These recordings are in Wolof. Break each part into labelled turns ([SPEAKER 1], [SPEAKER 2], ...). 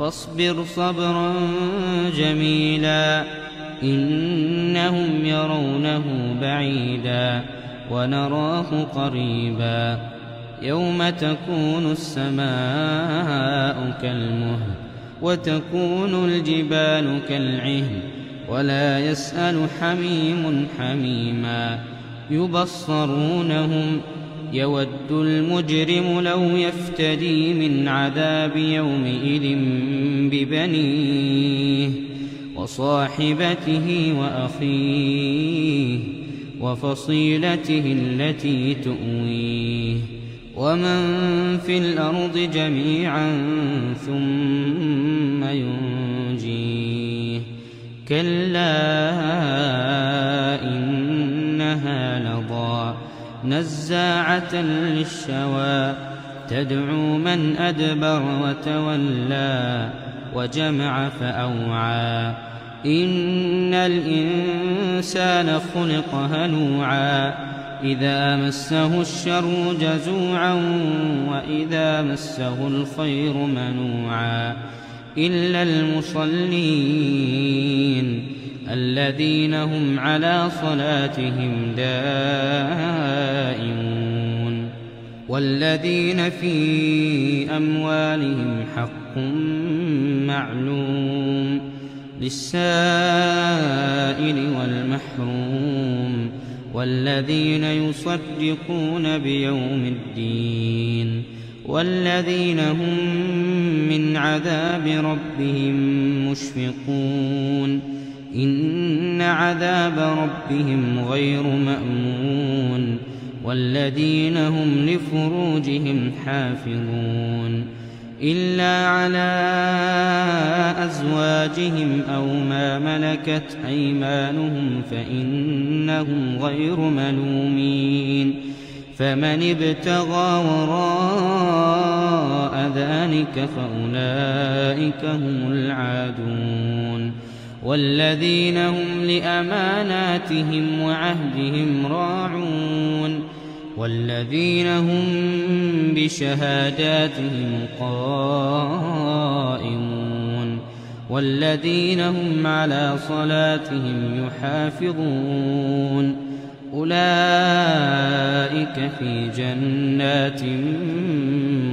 [SPEAKER 1] فاصبر صبرا جميلا إنهم يرونه بعيدا ونراه قريبا يوم تكون السماء كالمه وتكون الجبال كالعهن ولا يسأل حميم حميما يبصرونهم يود المجرم لو يفتدي من عذاب يومئذ ببنيه وصاحبته وأخيه وفصيلته التي تؤويه ومن في الأرض جميعا ثم ينجيه كلا إنها لَظَى نزاعة للشوى تدعو من أدبر وتولى وجمع فأوعى إن الإنسان خلق هلوعا إذا مسه الشر جزوعا وإذا مسه الخير منوعا إلا المصلين الذين هم على صلاتهم دائمون والذين في أموالهم حق معلوم للسائل والمحروم والذين يصدقون بيوم الدين والذين هم من عذاب ربهم مشفقون إن عذاب ربهم غير مأمون والذين هم لفروجهم حافظون إلا على أزواجهم أو ما ملكت أيمانهم فإنهم غير ملومين فمن ابتغى وراء ذلك فأولئك هم العادون والذين هم لأماناتهم وعهدهم راعون والذين هم بشهاداتهم قائمون والذين هم على صلاتهم يحافظون أولئك في جنات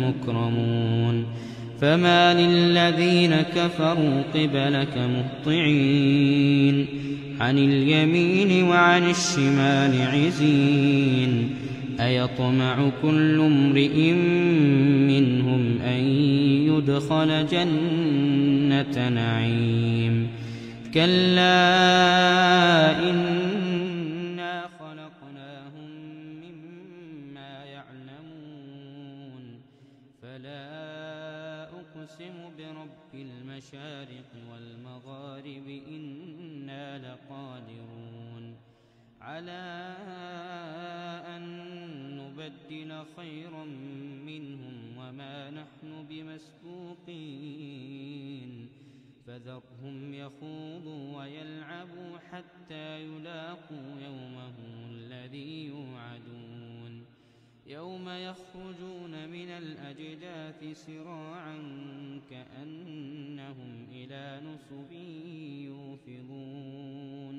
[SPEAKER 1] مكرمون فما للذين كفروا قبلك مهطعين عن اليمين وعن الشمال عزين أيطمع كل امرئ منهم أن يدخل جنة نعيم كلا إن المغرب إنا لقادرون على أن نبدل خيرا منهم وما نحن بمسبوقين فذرهم يخوضوا ويلعبوا حتى يلاقوا يومهم الذي يوعدون يوم يخرجون من الأجداث سراعا كأنهم إلى نصب يوفضون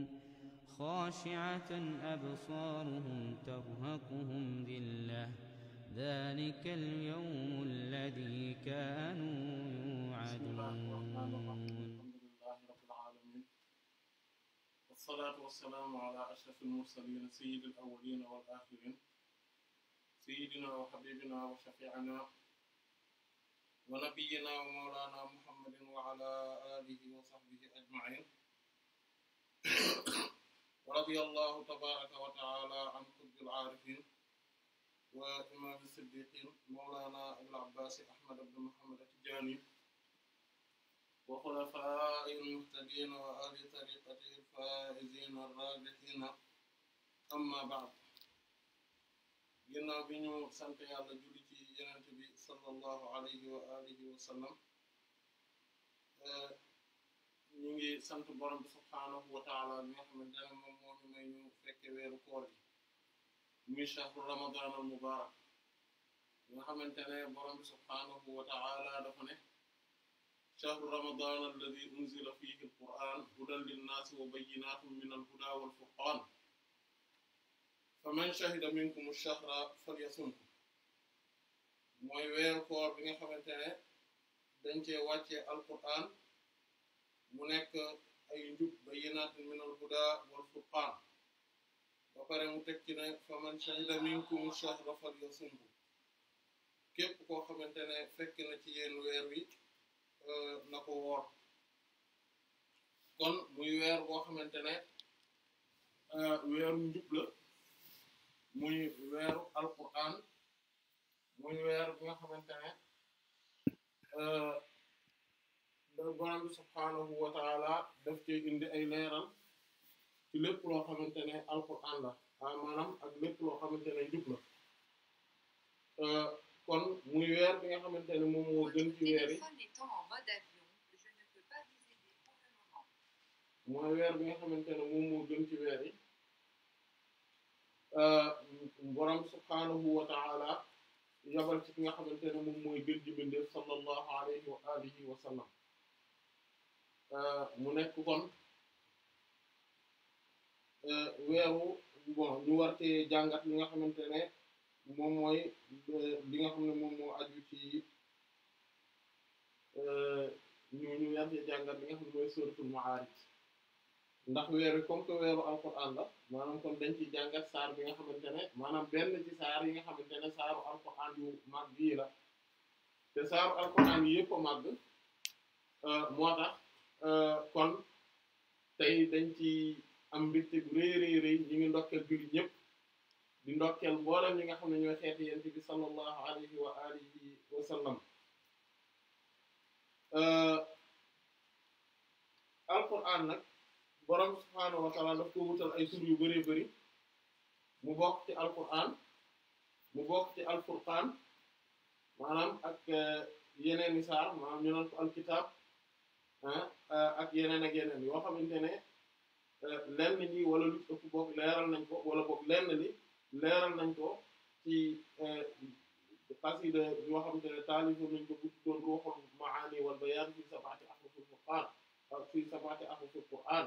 [SPEAKER 1] خاشعة أبصارهم ترهقهم ذلة ذلك اليوم الذي كانوا يوعدون
[SPEAKER 2] والصلاة والسلام على أشرف المرسلين سيد الأولين والآخرين سيدنا وحبيبنا وشفيعنا ونبينا ومولانا محمد وعلى آله وصحبه أجمعين ورضي الله تبارك وتعالى عن قطب العارفين وإمام الصديقين مولانا أبي العباس أحمد بن محمد التجاني وخلفاء المهتدين وآل طريقته الفائزين الرابحين أما بعد ginnaaw bi ñu sant yàlla julli ci صلى الله عليه وآله وسلم نيجي سنت برم سبحانه وتعالى محمد جل ممن ما ينفك غير قولي من شهر رمضان المبارك محمد جل برم سبحانه وتعالى دفنه شهر رمضان الذي أنزل فيه القرآن هدى للناس وبينات من الهدى والفرقان فمن شهد منكم الشهر فليصمكم mooy weeru ko bi nga xamante ne dañ cee wàccee alquran mu nekk ay njub bayyinaatin minal hudaa wal furqaan ba pare mu teg ci ne faman shahida minkum shahra falyasumhu képp koo xamante ne fekk na ci yéen weer wi euh, na ko woor kon muy weer boo xamante ne euh, weeru njub la muy weeru alquran muy weer bi nga xamante ne euh, borom bi subhaanahu wa indi ay leeral ci lépp loo xamante ne alquran la ah, maanaam ak lépp loo xamante ne njub la euh, kon muy weer nga xamante ne moom moo gën ci bi nga xamante ne gën ci weer yi euh, borom subhaanahu wa yabal ci ki nga xamante ne moom mooy gën ji bindee sallallahu alayhi wa alihi wa sallam euh, mu nekk kon euh, weeru bon ñu war cee jàngat li nga xamante ne moom mooy euh, li nga xam ne moom moo aju ci ñu ñu yar cee jàngat li nga xam ne mooy suratul Ma'ârij ndax wéru comme que wéru alquran la manam kon dañ ci jangat sar bi nga xamantene manam benn ci sar yi nga xamantene ne saaru alquran yu mag bi la te saaru alquran yi yëpp a màgg euh, moo tax euh, kon tay dañ ci am mbégte bu reey reey reey ñi ngi ndokkel bi ñepp di ndokkel mbolam ñi nga xamne ñoy ñooy xeeti yent bi sallallahu alayhi wa alihi wa sallam euh alquran nak borom subhaanahu wa taala daf ko wutal ay tur yu bëree bëri mu bokk ci alquran mu bokk ci alfurqaan maanaam ak yeneeni saar maanaam ñu naan ko alkitab ak yeneen ak yeneen yoo xamante ne lenn li wala lu ëpp bokk leeral nañ ko wala bokk lenn li leeral nañ ko ci xasida yoo xamante ne taalifu nañ ko guddi doon ruuxul maani wal bayaan fii sabaati ahrufil qur'aan fii sabaati ahrufil qur'aan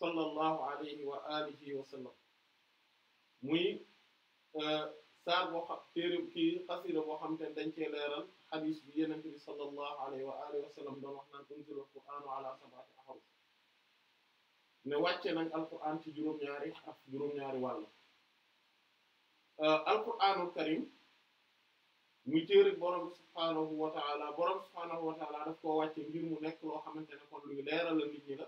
[SPEAKER 2] صلى الله عليه واله وسلم موي ا سار بو خا تيرو كي قصيده بو خامت دنجي ليرال حديث بي ينبي صلى الله عليه واله وسلم دون واخنا انزل القران على سبعه احرف ما واتي نان القران تي جوروم نياري اف جوروم نياري والا ا القران الكريم muy teere borom subhanahu wa ta'ala borom subhanahu wa ta'ala euh, daf ko wacce ngir mu nek lo xamantene kon luy leral nit ñi la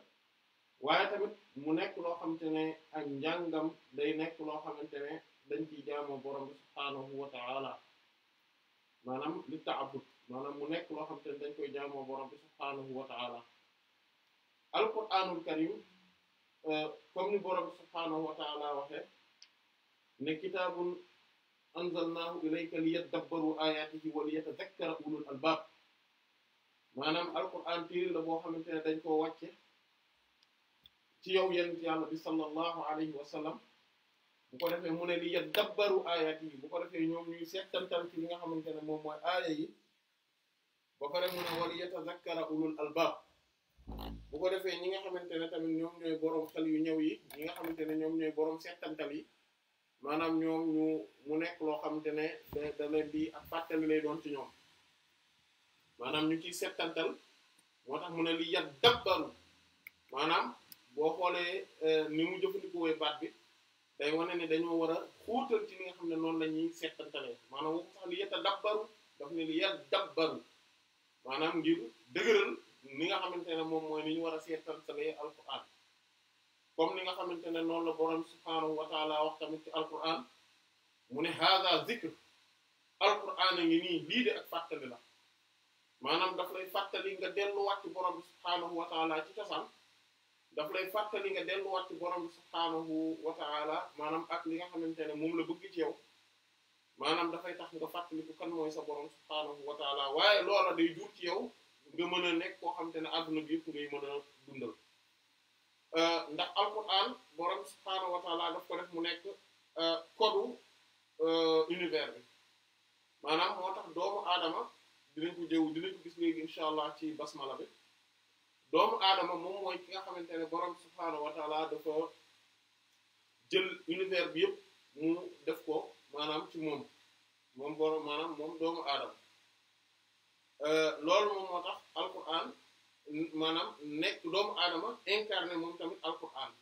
[SPEAKER 2] waaye tamit mu nekk loo xamante ne ak njàngam day nekk loo xamante ne dañ ciy jaamoo borom bi subhaanahu wa ta'ala maanaam li ta'abbud maanaam mu nekk loo xam ne dañ koy jaamoo borom bi subhaanahu wa ta'ala alqur'aanul karim euh, comme ni borom bi subhaanahu wa ta'ala waxe ne kitaabun anzalnaahu ilayka liyadabbaru ayaatihi wa liyatadhakkara ulul albaab maanaam alqur'aan téere la boo xamante ne dañ koo wàcce ci yow yenent yàlla bi sallallahu alayhi wa sallam bu ko defee mu ne li yaddabbaru aayaat yi bu ko defee ñoom ñuy seettantal ci li nga xamante ne moom mooy aaya yi ba pare mu ne wal yatazakkara ulul albaab bu ko defee ñi nga xamante ne tamit ñoom ñooy boroom xel yu ñëw yi ñi nga xamante ne ñoom ñooy boroom seettantal yi maanaam ñoom ñu mu nekk loo xamante ne da da leen di ak fàttali lay doon ci ñoom maanaam ñu ciy seettantal moo tax mu ne li yaddabbaru maanaam boo xoolee euh, ni mu jëfandikoo baat bi day wane ne dañoo war a xuutal ci li nga xam ne noonu la ñuy seetantalee maanaam waxu sax li yetta dabbaru daf ne maanaam ngir dëgëral ni nga xamante ne moom mooy ni ñu war a seetantalee alquran comme ni nga xamante ne noonu la borom subhaanahu wa taala wax tamit ci alquran mu ne haza zikr alquran a ngi nii lii de ak fàttali la maanaam daf lay fàttali nga delluwaat ci borom subhaanahu wa taala ci tasaan daf lay fàttali nga delluwaat ci borom bi subhaanahu wa maanaam ak li nga xamante ne moom la bëgg ci yow maanaam dafay tax nga fàttali ko kan mooy sa borom subhaanahu wa ta'ala waaye loola day jur ci yow nga mën a nekk koo xamante ne adduna bi yëpp ngay mën a dundal euh, ndax alquran borom subhaanahu wa daf ko def mu nekk euh, kodu euh, univers maanaam moo tax doomu aadama dinañ ko jëw dinañ ko gis léegi incha allah ci basmala bi doomu aadama moom mooy ki nga xamante ne borom subhaanahu wa taala dafa jël univers bi yëpp mu def ko maanaam ci moom moom borom maanaam moom doomu aadama euh, loolu moom moo tax alquran maanaam nekk doomu adama incarné moom tamit alquran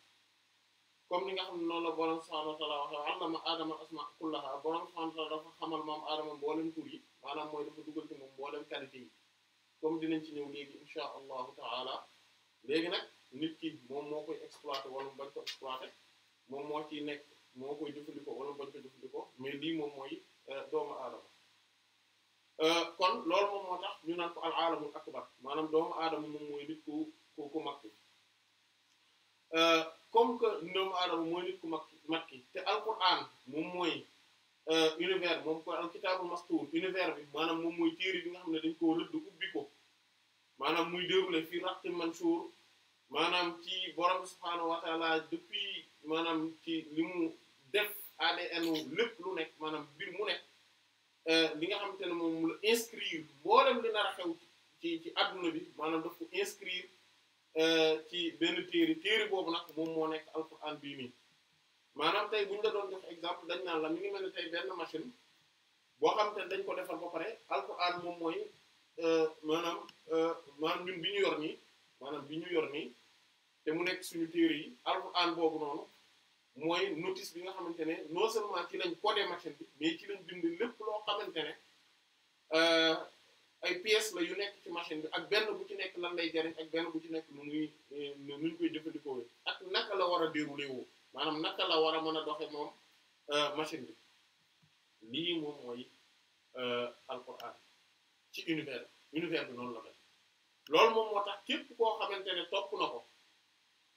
[SPEAKER 2] comme ni nga xam ne noonu la borom subhaanahu wa taala waxee allama aadama asma kullaha borom subhaanahu wa taala dafa xamal moom aadama mboolem tur yi maanaam mooy dafa dugal ci moom mboolem qualité yi. comme dinañ ci ñëw léegi insha allahu taala léegi nag nit ki moom moo koy exploité wala bañ ko exploiter moom moo ciy nekk moo koy jëfandikoo wala bañ ko jëfandikoo mais lii moom mooy euh, doomu aadama euh, kon loolu moom moo tax ñu naat ko al alamul akbar maanaam doomu aadama moom mooy nit ku ku ku mag ki euh, comme que doomu aadama mooy nit ku mag ki mag ki te moom mooy Euh, univers moom ko al kitaabul mastuur univers bi maanaam moom mooy téere bi nga xam ne dañ koo du ubbi ko maanaam muy déroulé fii raqti mansuur maanaam ci borom subhaanahu wa depuis maanaam ci li mu def ADN lépp lu nekk maanaam mbir mu nekk euh, li nga xamante ne moom la inscrire mboolem li nar xew ci ci adduna bi maanaam daf ko inscrire euh, ci benn téere téere boobu nag moom moo nekk alquran bii nii maanaam tey bu ñu la doon jox exemple dañ naan la mi ngi mel ne tey benn machine boo xam te dañ ko defal ba pare alquran moom mooy euh, maanaam euh, maanaam ñun bi ñu yor nii maanaam bi ñu yor nii te mu nekk suñu téere yi alquran boobu noonu mooy notice bi nga xamante ne non seulement ci lañ codé machine bi mais ci lañ bind lépp loo xamante euh, ay pièces la yu nekk ci machine bi ak benn bu ci nekk lan lay jariñ ak benn bu ci nekk nu muy nu ñu koy jëfandikoo ak naka la war a déroulé woo manam naka la wara a doxé mom euh machine bi mom moy euh alquran ci univers univers bi non la def loolu mom motax tax képp koo xamante ne topp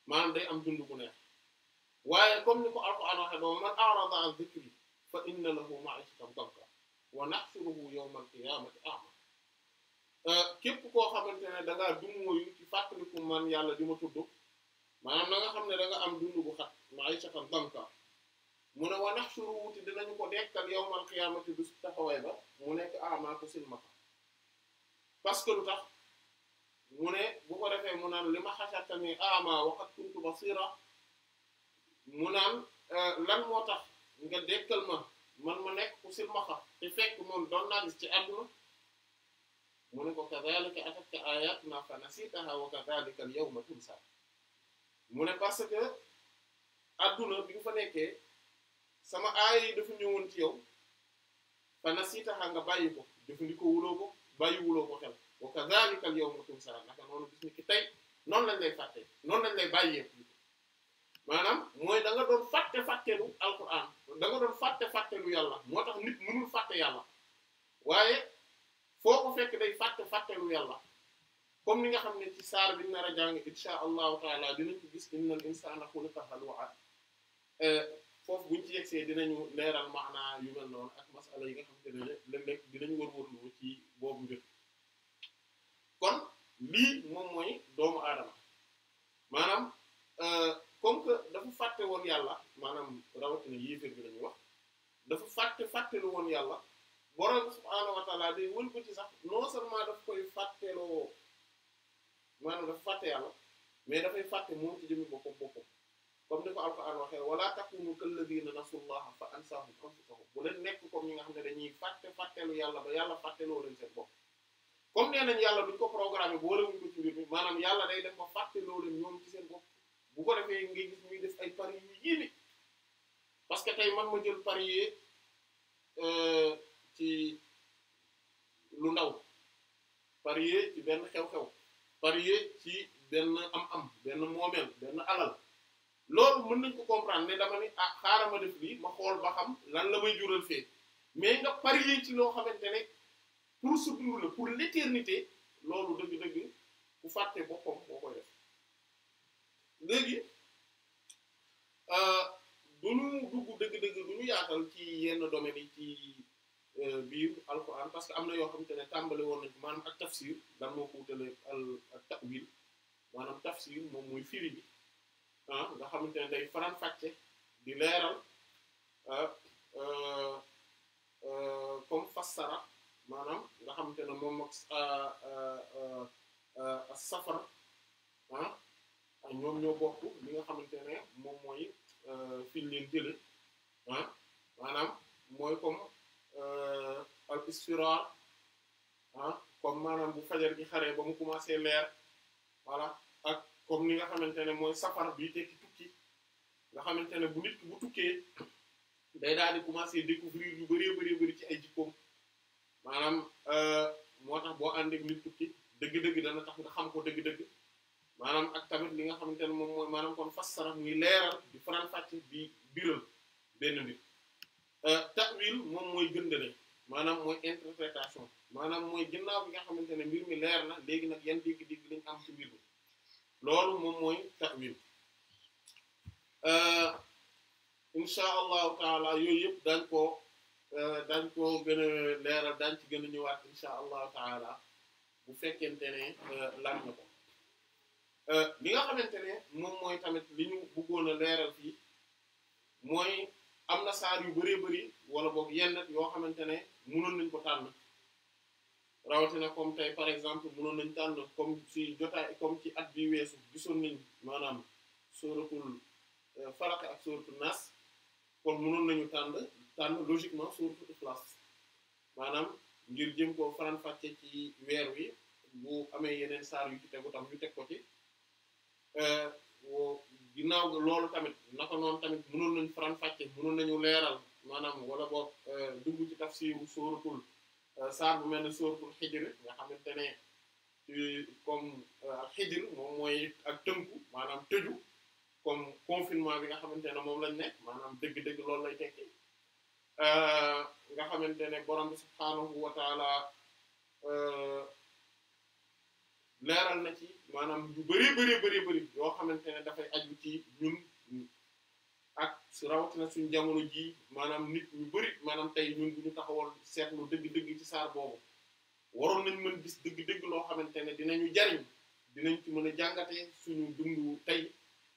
[SPEAKER 2] na day am dund bu neex waye comme niko alquran waxe mom man a'rada an dhikri fa inna lahu ma'ishatan danka wa nahsuruhu yawma al-qiyamati a'ma képp koo xamante ne da ngaa dummóoyu ci fàttaliku man yàlla dima ma maanaam na nga xam ne da am dund bu xat ma'ishatan danka mu ne wa nahshuru wuti dinañu ko dekkal yawmal qiyaamati bis taxawaay ba mu nekk a'maa ah ko silmaxa parce que lu tax mu ne bu ko defee mu naan li ma hashartanii a'maa ah wa qad kuntu euh, lan moo tax nga dekkal ma man ma nekk ku silmaxa te fekk moom doon naa ci àdduna mu ne ko kadhalika atatka aayatunaa fa nasiitahaa wa kadhalika al-yawma tunsaa mu ne parce que adduna bi nga fa nekkee sama aaya yi dafa ñëwoon ci yow fana siitaxa nga bàyyi ko jëfandikoo wuloo ko bàyyi wuloo ko xel wa kazalika al yawma tunsa naka noonu bis ni ki tey noonu lañ lay fàttee noonu lañ lay bàyyee maanaam mooy da nga doon fàtte fàttelu alquran da nga doon fàtte fàttelu yàlla moo tax nit mënul fàtte yàlla waaye foo ko fekk day fàtte fàttelu yàlla comme ni nga xamné ci sar bi nara jàng insha allah taala dinañ ci gis innal insana halwa euh foofu buñ ci yexé dinañu leral makna yu mel non ak masala yi nga xamné le mec leeg wor wor lu ci bobu mbir kon li mom moy doomu adam manam euh comme que dafa faté won yàlla manam rawati ni yéeféer bi lañu wax dafa faté faté lu won yàlla borom subhanahu wa taala day wul ko ci sax non seulement daf koy fàtteloo maanaam dafa fàtte yàlla mais dafay fàtte moom ci jëmmi boppam boppam comme ni ko alquran waxee wala takunu na nasullaha fa ansahum anfusahum bu leen nekk comme ñi nga xam ne dañuy fàtte fàttelu yàlla ba yàlla fàtteloo leen seen bopp comme nee nañ yàlla duñ ko programme boolewuñ ko ci mbir mi maanaam yàlla day def ba fàtteloo leen ñoom ci seen bopp bu ko defee ngay gis muy def ay paris yu yéeme parce que tey man ma jël parier euh, ci lu ndaw parier ci benn xew-xew parier ci benn am-am benn moomeel benn alal loolu mën nañ ko comprendre ne dama ni ah xaaral ma def lii ma xool ba xam lan la may jural fee mais nga parier ci loo xamante ne pour sa dund la pour l'éternité loolu dëgg-dëgg ku fàtte boppam moo koy def léegi euh, du ñu dugg dëgg-dëgg du ñu yaatal ci yenn domaines yi ci. Euh, biir alquran parce que am na yoo xamante ne tàmbali woon nañu maanaam ak tafsir dan moo ko wutale ak ta'wil maanaam tafsir moom mooy firi ah, nga xamante ne day faram fàcce di leeral ah, euh, euh, comme fassara nga xamante ne moom ak ah, safar ah ñoom ñoo bokk li nga xamante ne moom mooy fi ñu leen jële ah Euh, al isfiraar ah comme maanaam bu fajar gi xaree ba mu commencé leer voilà ak comme ni nga xamante ne mooy safar bi tekki tukki nga xamante ne bu nit ki bu tukkee day daal di commencé découvrir yu bëree bëri bëri ci ay jikkoom maanaam euh, moo tax boo ànd ak nit tukki dëgg-dëgg dana tax nga xam ko dëgg-dëgg maanaam ak tamit li nga xamante ne moom mooy maanaam kon fassara muy leeral maanaam mooy interprétation maanaam mooy ginnaaw bi nga xamante ne mbir mi leer na léegi nag yan dégg-dégg lañ am si mbir mi loolu moom mooy ta'wil euh, insha allahu taala yooyu yëpp dañ koo euh, dañ ko gën a leeral dañ ci gën a ñëwaat insha allahu taala bu fekkente ne euh, lan na ko li nga xamante ne moom mooy tamit li ñu bëggoon a leeral fii mooy am na saar yu bëree bëri wala boog yenn yoo xamante ne mënoon nañ ko tànn rawatina comme tey par exemple mënoon nañ tànn kom ci jotaay comme ci at bi weesu gisoon nañ maanaam sóoratul euh, falaq ak sóoratul naas kon mënoon nañu tànn tànn logiquement sóoratul ikhlas maanaam ngir jëm ko faran fàcce ci weer wi bu amee yeneen saar yu ci tegu tam ñu teg ko ci euh, ginnaaw loolu tamit naka noonu tamit mënoon nañ faran fàcce mënoon nañu leeral maanaam wala boog euh, dugg ci tafsiru sóoratul euh, saar bu mel ne sóoratul xijr nga xamante ne comme euh, ak xijr ak tënku maanaam tëju comme confinement bi nga xamante ne moom lañ nekk maanaam dëgg-dëgg loolu lay tekki nga xamante ne borom bi subhaanahu wa taala na ci maanaam yu bari bari bari bari yoo xamante ne dafay aju ci ñun ak rawatina suñu jamono ji manam nit ñu bari manam tay ñun bu ñu taxawal seetlu deug deug ci sar bobu waron nañ mën gis deug deug lo xamantene dinañu jariñ dinañ ci mëna a suñu dundu tay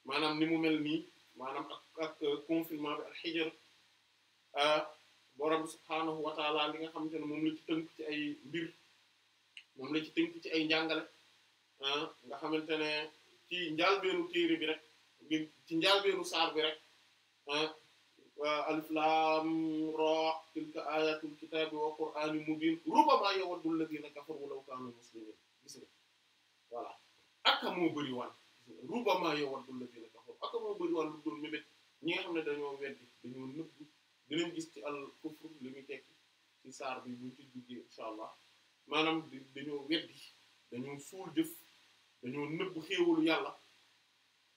[SPEAKER 2] manam ni mu mel ni manam ak ak euh, confinement bi hijr a euh, borom subhanahu wa taala li nga xamantene mom la ci teunk ci ay mbir mom la ci teunk ci ay njàngale ah nga xamantene ne ci njaalbeenu téré bi rek ci njaalbeenu sar bi rek ألف لام را تلك آيات الكتاب وقرآن مبين ربما يود الذين كفروا لو كانوا مسلمين gis nga voilà aka moo bëri waan rubama yawaddu alladhina kafaru aka moo bëri waan lu dul mébét ñi nga xam ne dañoo weddi dañoo nëbbu dinañ gis ci al kufr li muy tekki ci saar bi buñ ci duggee insha allah maanaam dañoo weddi dañoo suul jëf dañoo nëbbu xéewalu yàlla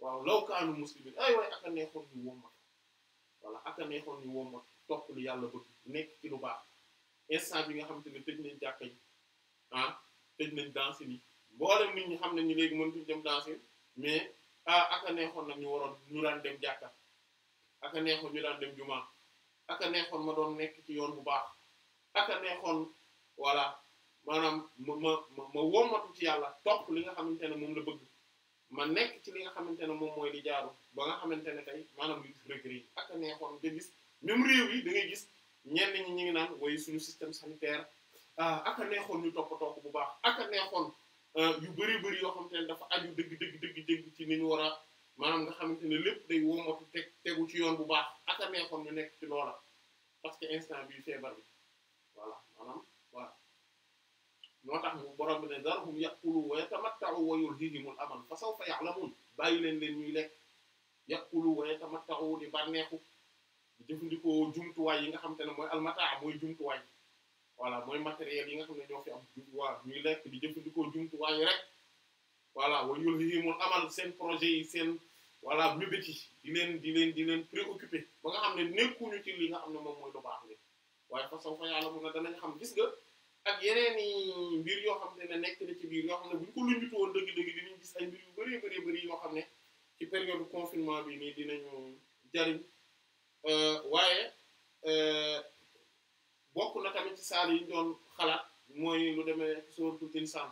[SPEAKER 2] waaw law kaanu muslimin ay waay aka neexoon ñu wommat voilà ak a neexoon ñu woo ma topp lu yàlla bëgg nekk ci lu baax instant bi nga xamante ne tëj nañ jàkka yi ah tëj nañ danse yi mboolem nit ñi xam ne ñu léegi mëntuñ dem danse mais ah a neexoon nag ñu waroon ñu daan dem jàkka ak a neexoon ñu daan dem jumaa ak a neexoon ma doon nekk ci yoon bu baax ak a neexoon voilà maanaam ma ma ma wommatu ci yàlla topp li nga xamante ne moom la bëgg. ma nekk ci li nga xamante ne moom mooy li jaaro ba nga xamante ne tey maanaam li regret yi ak neexoon nga gis même réew ngay gis ñenn ñi ñu ngi naan waaye suñu système sanitaire ah, ak neexoon ñu toppatoo ko bu baax ak neexoon euh, yu bëri bëri yoo xamante ne dafa aju dëgg dëgg dëgg dëgg ci ni ñu war a maanaam nga xamante ne lépp day womatu teg tegu ci yoon bu baax ak neexoon ñu nekk ci loola parce que instant bii feebar bi voilà maanaam. ñoo tax mu borom bi ne darhum yaqulu wa yatamatta'u wa yulhihimul amal fa sawfa ya'lamun bàyyi leen leen ñuy lekk yaqulu wa yatamatta'u bànneexu jëfandikoo jumtuwaay yi nga xam te ne mooy almataa mooy jumtuwaay voilà mooy matériel yi nga xam ne ñoo fi am waa ñuy lekk di jëfandikoo jumtuwaay rek voilà wa yulhihimul amal seen projet yi seen voilà mébét yi di leen di leen di leen préoccupé ba nga xam ne nekkuñu ci li nga xam ne moom mooy lu baax li waaye fa sawfa ya'lamun danañ xam gis nga. ak yeneen i mbir yoo xam ne nekk na ci biir yoo xam ne bu ñu ko luñutu woon dëgg-dëgg dinañ gis ay mbir yu bari bari bari yoo xam ne ci période confinement bi nii dinañu jariñ euh, waaye euh, bokk na tamit ci saal yi ñu doon xalaat mooy lu demee sóoratul insaan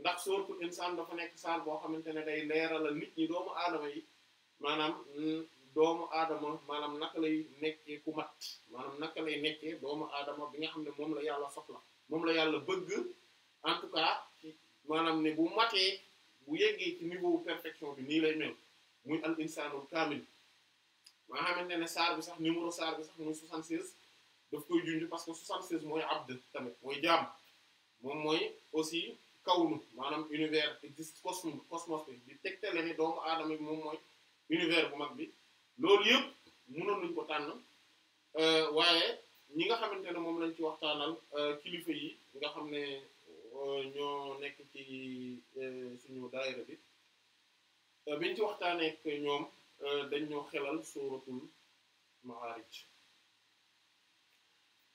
[SPEAKER 2] ndax sóoratul insaan dafa nekk saal boo xamante ne day leeralal nit ñi doomu aadama yi maanaam mm, doomu aadama maanaam naka lay nekkee ku mat maanaam naka lay nekkee doomu aadama bi nga xam ne moom la yàlla la moom la yàlla bëgg en tout cas maanaam ne bu matee bu yeggee ci niveau perfection bi nii lay mel muy al insaanul kaamil maa xamante ne saar bi sax numéro saar bi sax muy 76 daf koy junj parce que 76 mooy abd tamit mooy jaam moom mooy aussi kawnu maanaam univers existe cosmos cosmos bi di tegtale ne doomu aadama bi moom mooy univers bu mag bi loolu yëpp mënoon nañu ko tànn euh, waaye ñi nga xamantene mom lañ ci waxtaanal kilifa yi nga xamné ño nek nekk ci suñu daayira bi biñ ci waxtané ak ñoom dañ ñoo xelal suratul maarij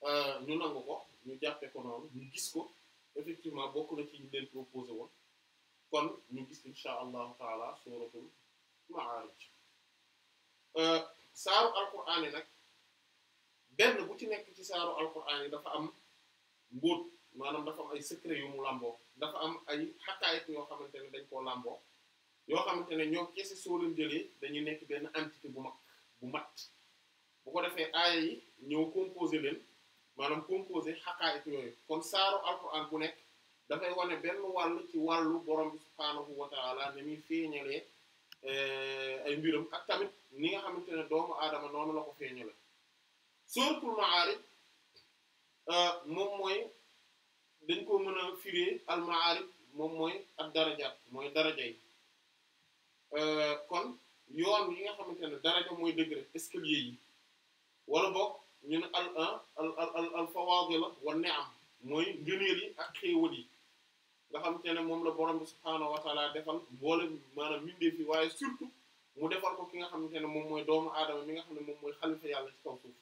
[SPEAKER 2] euh ñu nang ko ñu jàppe ko non ñu gis ko effectivement bokku na ci ñu leen proposer won kon ñu gis inshallah taala suratul maarij euh saaru alquran nak benn bu ci nekk ci saaru alquran yi dafa am mbóot maanaam dafa am ay secret yu mu làmboo dafa am ay xaqaayit yoo xamante ne dañ koo làmboo yoo xamante ne ñoo kese soo leen jëlee dañuy nekk benn entité bu mag bu mat bu ko defee aaya yi ñëw composé leen maanaam composé xaqaayit yooyu kon saaru alquran bu nekk dafay wane benn wàll ci wàllu borom bi subhaanahu wa taala ne muy feeñalee eh, ay mbiram ak tamit ni nga xamante ne doomu aadama noonu la ko feeñalee maarif euh mom moy dañ ko mëna firé al maarif mom moy ak daraja moy daraja yi euh kon yoon yi nga xamantene daraja moy degré escalier yi wala bok ñu ne al al al al fawadila wa ni'am moy ngëneel yi ak xewul yi nga xamantene mom la borom subhanahu wa taala defal boole manam minde fi waye surtout mu defal ko ki nga xamantene mom moy doomu aadama mi nga xamantene mom moy khalifa yàlla ci kaw suuf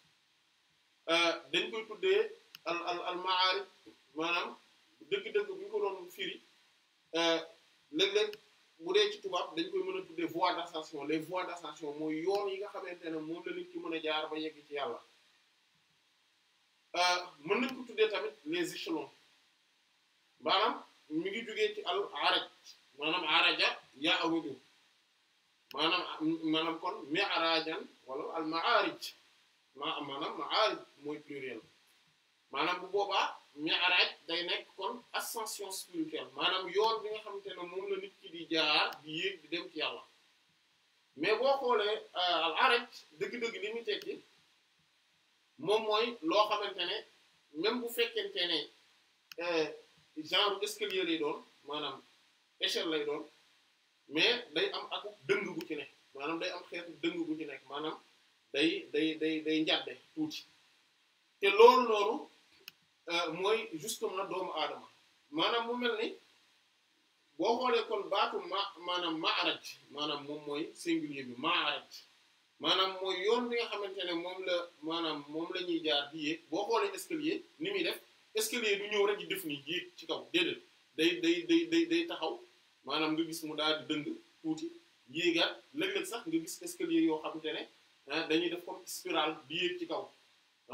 [SPEAKER 2] dañ koy tuddé al al al maarif manam deug deug bu ko don firi euh leg leg bu dé ci tubab dañ koy mëna tuddé voie d'ascension les voies d'ascension moy yoon yi nga xamantene ne la nit ci mëna jaar ba yegg ci yàlla euh mëna ko tuddé tamit les échelons maanaam mi ngi jugee ci al araj maanaam araja yaa awudu maanaam maanaam kon mi'rajan wala al ma'arij ma maanaam ma'arij mooy pluriel maanaam bu boobaa mi'raj day nekk kon ascension spirituelle maanaam yoon bi nga xamante ne moom la nit ki di jaar di yéeg di dem ci yàlla mais boo xoolee euh, al araj dëgg-dëgg li muy tekki moom mooy loo xamante ne même bu fekkente ne euh, genre escalier lay doon maanaam échelle lay doon mais day am ak dëng gu ci nekk maanaam day am dëng gu ci nekk maanaam day day day day njàdde tuuti. te loolu loolu euh, mooy justement doomu aadama maanaam mu mel ni boo xoolee kon baatu ma maanaam ma maaraj maanaam moom mooy singulier bi maaraj maanaam mooy yoon bi nga xamante ne moom la maanaam moom la ñuy jaar di yéeg boo xoolee escalier ni muy def escalier du ñëw rek di def ni yéeg ci kaw déedéet day day day day day taxaw maanaam nga gis mu daal di dëng tuuti yéegaat léeg-léeg sax nga gis escalier yoo xamante ne ah, dañuy def comme spirale di yéeg ci kaw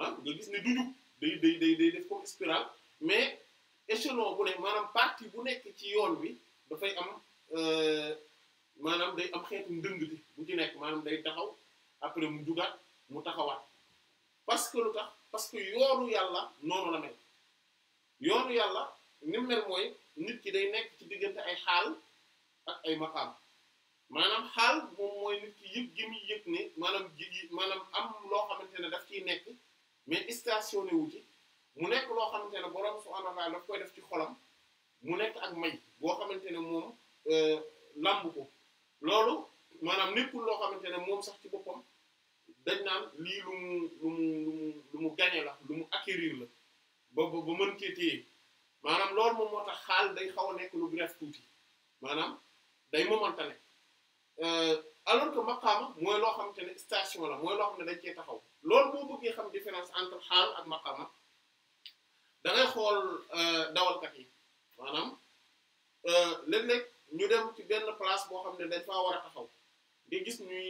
[SPEAKER 2] ah nga gis ne duñu day day day def comme spirale mais échelon bu ne maanaam partie bu nekk ci yoon bi dafay am euh, maanaam day am xeetu ndëng di bu ci nekk maanaam day taxaw après mu jugaat mu taxawaat parce que lu tax parce que yoonu yàlla noonu la mel yoonu yàlla nim mu mel mooy nit ki day nekk ci diggante ay xaal ak ay maqaam maanaam xaal moom mooy nit ki yëg gi muy yëg ne maanaam ji maanaam am loo xamante ne daf ciy nekk mais stationné wu ci mu nekk loo xamante ne borom subhaanahu wa la daf koy def ci xolam mu nekk ak may boo xamante ne moom euh, làmb ko loolu maanaam nekkul loo xamante ne moom sax ci boppam dañ naan lii lu mu lu mu lu mu lu la lu mu acquérir la ba ba ba mën cee téye maanaam loolu moom moo tax xaal day xaw nekk lu bref tuuti maanaam day momentané euh, alors ma maqaama mooy loo xamante ne station la mooy loo xam ne dañ cee taxaw. loolu boo bëggee xam différence entre xaal ak maqama da ngay xool euh, dawalkat yi maanaam euh, léeg-léeg ñu dem ci benn place boo xam ne dañ faa war a taxaw di gis ñuy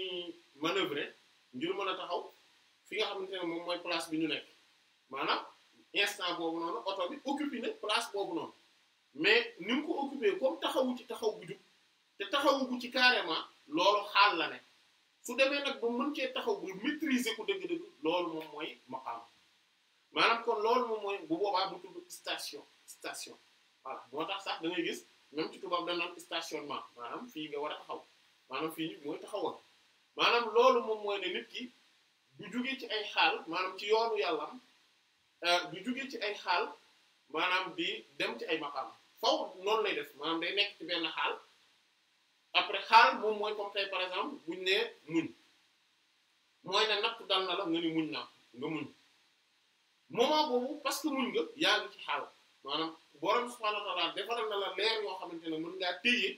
[SPEAKER 2] manœuvrer ngir mën a taxaw fi nga xamante ne moom mooy place bi ñu nekk maanaam instant boobu noonu oto bi occupé na place boobu noonu mais ni ko occupé comme taxawu ci taxaw bu jub te taxawu bu ci carrément loolu xaal la nekk. su demee nag ba mën cee taxaw ba maîtriser ko dëgg-dëgg loolu moom mooy maqaam maanaam kon loolu moom mooy bu boobaa bu tudd station station voilà moo tax sax dangay gis même ci tubaab dañ naan maanaam fii nga war a taxaw maanaam fii nit mooy taxawoon maanaam loolu moom mooy ne nit ki du jugee ci ay xaal maanaam ci yoonu yàlla euh, du jugee ci ay xaal maanaam di dem ci ay maqaam faw noonu lay def maanaam day nekk ci benn xaal après xaal moom mooy comme tey par exemple buñ ne muñ mooy ne natt dal na la nga ni muñ naa nga muñ moment boobu parce que muñ nga yaa ngi ci xaal maanaam borom subhaanahu wa ta'ala defaral na la leer yoo xamante ne mën ngaa téye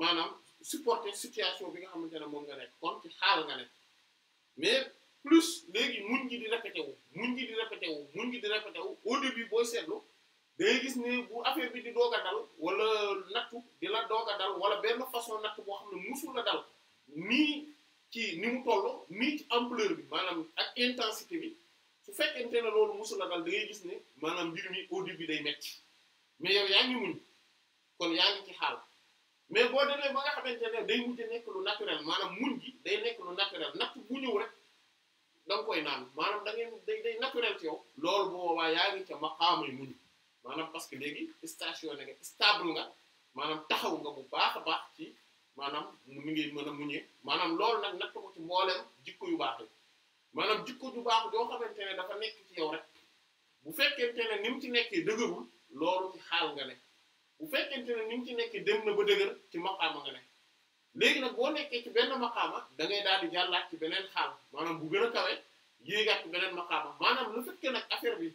[SPEAKER 2] maanaam supporter situation bi nga xamante ne moom nga nekk kon ci xaal nga nekk mais plus léegi muñ gi di répété wu muñ gi di répété wu muñ gi di répété au début booy seetlu. day gis ni bu affaire bi di doog a dal wala nattu di la doog a dal wala benn façon natt boo xam ne musul la dal nii ci ni mu toll nii ci ampleur bi maanaam ak intensité bi su fekkente ne loolu musul la dal da ngay gis ni maanaam mbir mi au bi day metti mais yow yaa ngi muñ kon yaa ngi ci xaal mais boo demee ba nga xamante ne day mujj nekk lu naturel maanaam muñ gi day nekk lu naturel natt bu ñëw rek da nga naan maanaam da ngay day day naturel ci yow loolu bu boobaa yaa ngi ca maqaamay muñ maanaam parce que léegi stationné nga stable nga maanaam taxaw nga bu baax a baax ci maanaam mu ni ngay mën a muñee maanaam loolu nag natt ko ci mbooleem jikko yu baax yi maanaam jikko yu baax yoo xamante ne dafa nekk ci yow rek bu fekkee ne ni mu ci nekkee dëgërul loolu ci nga ne bu fekkente ne ni mu ci nekkee dem na ba dëgër ci maqaama nga ne léegi nag boo nekkee ci benn maqaama da ngay daal di jàllaat ci beneen xaal maanaam bu gën a kawe yéegaat ci beneen maqaama maanaam lu fekkee nag affaire bi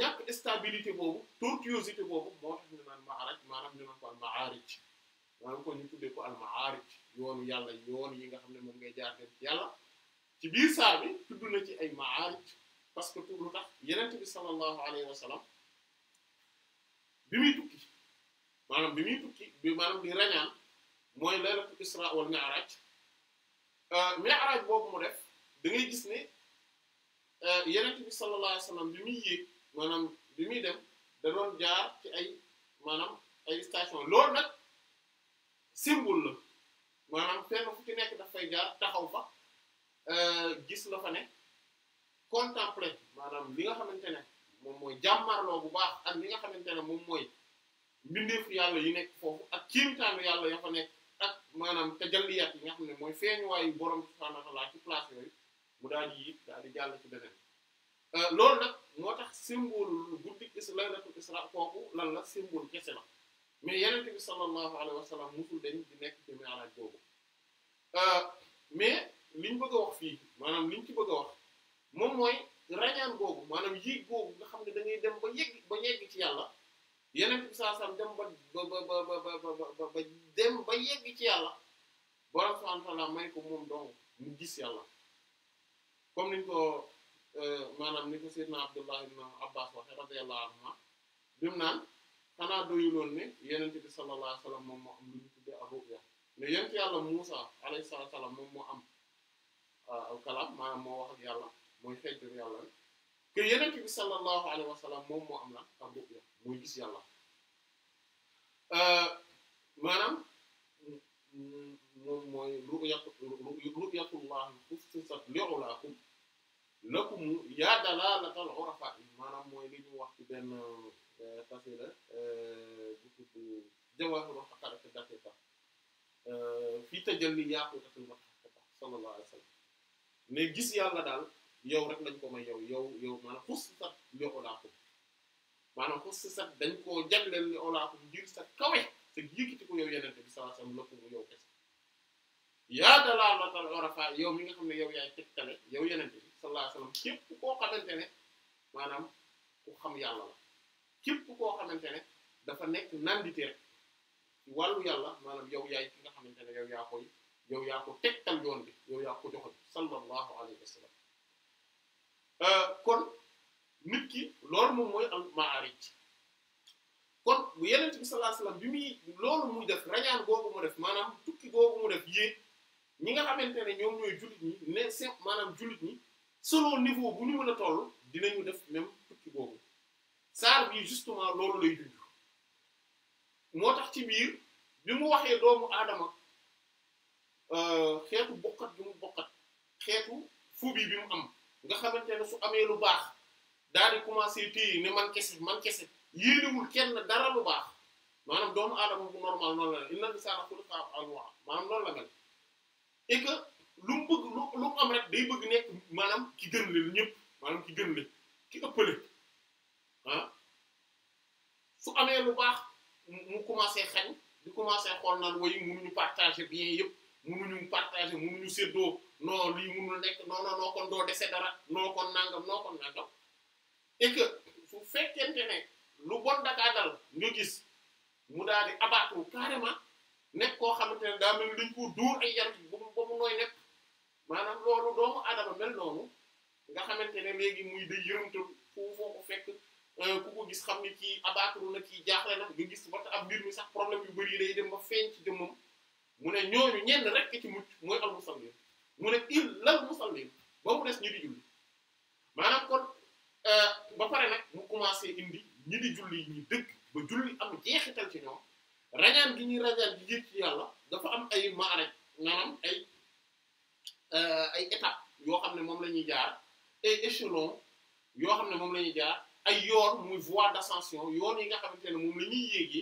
[SPEAKER 2] ñàkk stabilité boobu tortuosité boobu moo tax ñu naan maaraj maanaam ñu naan ko al maarij maanaam ko ñu tuddee ko al yoonu yàlla yoon yi nga xam ne moom ngay jaar dem ci yàlla ci biir saa bi tudd na ci ay maarij parce que pour lu tax yenent bi sallallahu alayhi wa sallam bi muy tukki maanaam bi muy tukki bi maanaam di rañaan mooy laylatu isra wal mi'raj euh, mi'raj boobu mu def da gis ne euh, yenent bi sallallahu alayhi wa bi muy yéeg maanaam bi muy dem da jaar ci ay maanaam ay station lool nag symbole la maanaam fenn fu ci nekk dafay jaar taxaw fa euh, gis la fa ne contempler maanaam li nga xamante ne moom mooy jàmmarloo bu baax ak li nga xamante ne moom mooy mbindeefu yàlla yi nekk foofu ak kiimtaanu yàlla ya fa nekk ak maanaam tajalliyaat yi nga xam ne mooy feeñuwaayu borom subhaanahu wa ta'aala ci place yooyu mu daal di daal di jàll ci beneen Euh, loolu nag moo tax symbole guddik is laylatul isra kooku lan la symbole kese la mais yenent bi sallallahu alayhi wa sallam musul dañ di nekk ci mi'raj boobu euh, wax fii maanaam liñ ci bëgg a wax moom mooy rañaan boobu maanaam yéeg boobu nga xam ne da dem ba yegg ba yegg ci yàlla yeneen bi saa sam dem ba ba ba ba ba ba dem ba yegg ci yàlla borom subhanahu wa ta'ala may ko moom donc mu gis yàlla comme niñ ko Euh, maanaam ni ko Seydina Abdullah ibn Abbas waxe radiyallahu anhuma bimu naan xanaa doyuloon ne yenente bi sallallahu alayhi moom moo am lu ñu tuddee ar-ru'ya mais yent yàlla Muusa alayhi salaam moom moo am euh, al-kalaam maanaam moo wax ak yàlla mooy xejjur yàlla rek que yenente bi sallallahu alayhi wasallam moom moo am la ar-ru'ya mooy gis yàlla euh, maanaam moom mooy ru'yatu ru'yatullahi xussisat li'ulaakum lakum yaa dalaalatal xurafaa yi maanaam mooy li ñu wax ci benn fasila euh, euh, bu tudd jawaahirul haqaa'iq daqiiqa euh, fii tajalli yaaqutatil muhaqqaqa sallallahu alayhi wa sallam mais gis yàlla daal yow rek lañ ko may yow yow yow maanaam xussisat li ulaakum maanaam xussisat dañ koo jagleel li ulaakum ngir sa kawe sa yëkkati ko yow yeneen bi sallallahu alayhi wa sallam lakum yow kese yaa dalaalatal xurafaa mi nga xam ne yow yaay tegtale yow yeneen bi sallallahu alayhi wasallam koo xamante ne maanaam ku xam yàlla la képp koo xamante ne dafa nekk nanditeer wàllu yàlla maanaam yow yaay ki xamante ne yow yaa koy yow yaa bi yow yaa ko joxoon sallallahu alayhi wasallam euh, kon nit ki loolu moom mooy al maarij kon bu yeneen bi sallallahu alayhi bi muy loolu muy def rañaan googu mu def maanaam tukki googu mu def yéeg ñi nga xamante ne ñoom ñooy jullit ñi ne se maanaam jullit ñi selon niveau bu ñu mën a toll dinañu def même tukki boobu saar bi justement loolu lay dund moo tax ci biir bi mu waxee doomu aadama euh, xeetu bokkat bi mu bokkat xeetu fubi bi mu am nga xamante ne su amee lu baax daal di commencer téye ne man kese man kese yéenewul kenn dara lu baax maanaam doomu aadama bu normal noonu la ne inna insaana xuliqa haluu'an maanaam noonu la mel et que lu mu bëgg lu mu am rek day bëgg nekk maanaam ki gën leen ñëpp maanaam ki gën leen ki ëppale ah su amee lu baax mu commencé xañ di commencé xool naan woyi mënuñu partager bi yëpp mënuñu partager mënuñu seddoo noo lii mënul nekk non noo kon doo dese dara noo kon nangam noo kon nangam et que su fekkente ne lu bon dakaa dal nga gis mu daal di abattu carrément nekk koo xamante ne daa mel ni dañ koo dóor ay yar bu ba mu nooy nekk maanaam loolu doomu adama mel noonu nga xamante ne léegi muy day yërëmtal fu foo ko fekk euh, ku ko gis xam ni kii abaaturu na kii jaaxle na gis ba te ab mbir mi sax day dem ba feeñ ci jëmmam mu ne ñooñu ñenn rek ci mucc mooy al musallin mu ne il lal musallin ba mu des ñi di julli maanaam kon euh, ba pare nag mu commencé indi ñi di julli ñi dëkk ba julli am jeexital ci ñoom rañaan gi ñuy rañaan di yëg ci yàlla dafa am ay maaraj maanaam ay ay étapes yoo xam ne moom la ñuy jaar ay échelons yoo xam ne moom la ñuy jaar ay yoon muy voie d'ascension yoon yi nga xamante ne moom la ñuy yéegi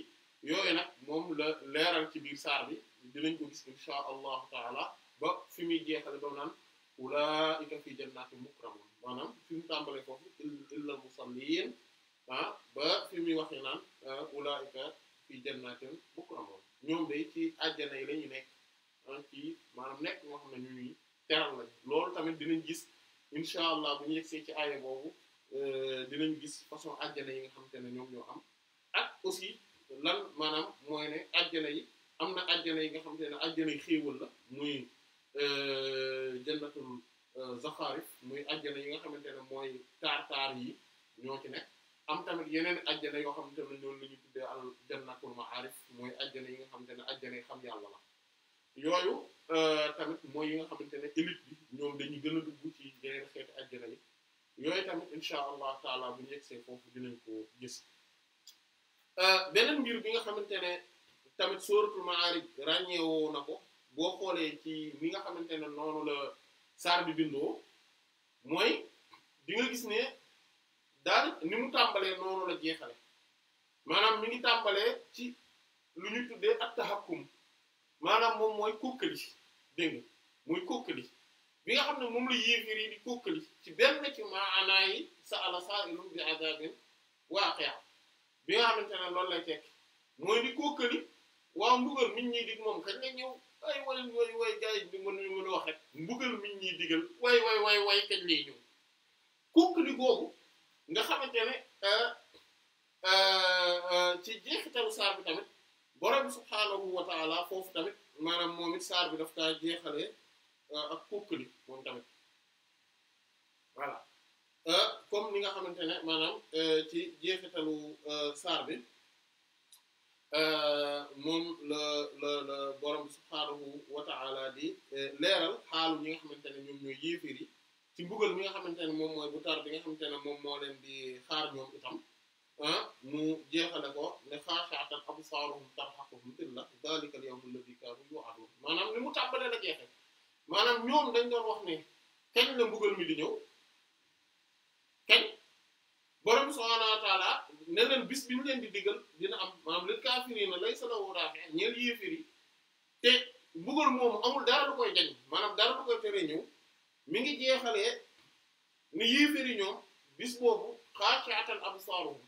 [SPEAKER 2] yooyu nag moom la leeral ci biir saar bi dinañ ko gis insha allahu taala ba fi muy jeexale ba naan ulaa'ika fi jannatin mukramun maanaam fi mu tàmbalee foofu illal musalliin ah ba fi muy waxee naan ulaa'ika fi jannatin mukramun ñoom day ci àjjana yi la ñu nekk ci maanaam nekk nga xam ne ñu ñuy teral nañ loolu tamit dinañ gis incha allah bu ñu yegsee ci aaya boobu euh, dinañ gis façon ajjana yi nga xamante ne ñoom ñoo am ak aussi lan maanaam mooy ne ajjana yi am na ajjana yi nga xamante ne ajjana yi xéewal la muy euh, jannatul euh, zaxarif muy ajjana yi nga xamante ne mooy taar taar yi ñoo ci nekk am tamit yeneen ajjana yoo xamante ne ñoonu la ñu tuddee al jannatul maarif mooy ajjana yi nga xamante ne ajjana yi xam yàlla la yooyu euh, tamit mooy yi nga xamante ne élite bi ñoom dañuy gën a dugg ci yeneen xeeti àjjana yi yooyu tamit incha allah taala bu ñu yegsee foofu dinañ ko gis euh, beneen mbir bi nga xamante ne tamit sóoratul Ma'ârij ràññeewoo na ko boo xoolee ci mi nga xamante ne noonu la saar bi bindoo mooy di nga gis ne daal ni mu tàmbalee noonu la jeexale maanaam mi ngi tàmbalee ci lu ñu tuddee at-tahakkum maanaam moom mooy kokkali dégg nga muy kokkali bi nga xam ne moom la yéefir yi di kokkali ci benn ci maanaa yi sa'ala saa'ilun bi azaabin waaqi'a bi nga xamante ne loolu la tekki mooy di kokkali waaw mbugal miñ ñuy dig kañ la ñëw ay way way way a wax rek mbugal ñuy digal way way way way kañ lay ñëw kokkali googu nga xamante ne euh, euh, euh, ci jeexitalu saar bi tamit borom subhaanahu wa taala foofu tamit maanaam moom it saar bi daf kaa jeexalee euh, ak kókkali moom tamit voilà euh, comme ni nga xamante ne maanaam euh, ci jeexitalu saar bi moom la la la borom subhaanahu wa taala di leeral xaalu ñi nga xamante ne ñoom ñooy yéefir yi ci mbugal mi nga xamante ne moom mooy bu tar bi nga xamante ne moom moo leen bi xaar ñoom itam Ah, mu jeexale ko ne xaashaatan absaaruhum tarhaquhum zilla zaalika al-yawmu alladhi kaanu yu'aduun maanaam ni mu tàmbalee la jeexee maanaam ñoom dañ doon wax ne kañ la mbugal mi di ñëw kañ borom subhaanahu wa ne leen bis bi ñu leen di digal dina am maanaam lil kaafiriina laysa lahu daafi' ñeel yéefir te mbugal moomu amul dara lu koy jañ maanaam dara lu koy tere ñëw mi ngi jeexalee ni yéefir ñoom bis boobu xaashaatan absaaruhum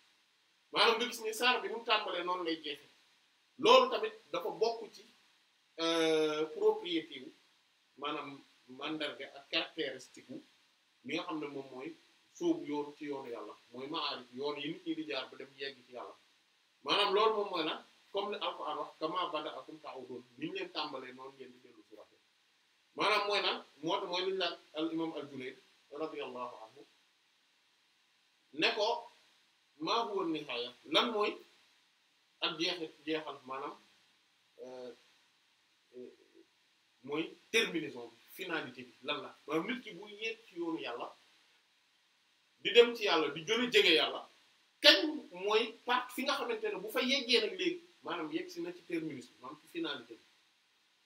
[SPEAKER 2] maanaam nga gis ne saar bi ni mu tàmbalee noonu lay jeexe loolu tamit dafa bokk ci euh, propriété wu maanaam mandarga ak caractéristique wu li nga xam ne moom mooy sóobu yoonu ci yoonu yàlla mooy maarif yoon yi nit ñi di jaar ba def yegg ci yàlla maanaam loolu moom mooy nag comme li alquran wax kama bada'akum ta'udun ni ñu leen tàmbalee noonu ngeen di dellu ci rafet maanaam mooy nag moo tax mooy li ñu laaj al imam al Junayd radiyallahu anhu ne ko maa huwa nihaaya lan mooy ak jeexit jeexal maanaam euh, mooy terminaison bi finalité bi lan la maanaam nit ki bu yéeg ci yoonu yàlla di dem ci yàlla di gën a yàlla kañ mooy part fi nga xamante ne bu fa yeggee nag léegi maanaam yegg si na ci terminus bi maanaam ci finalité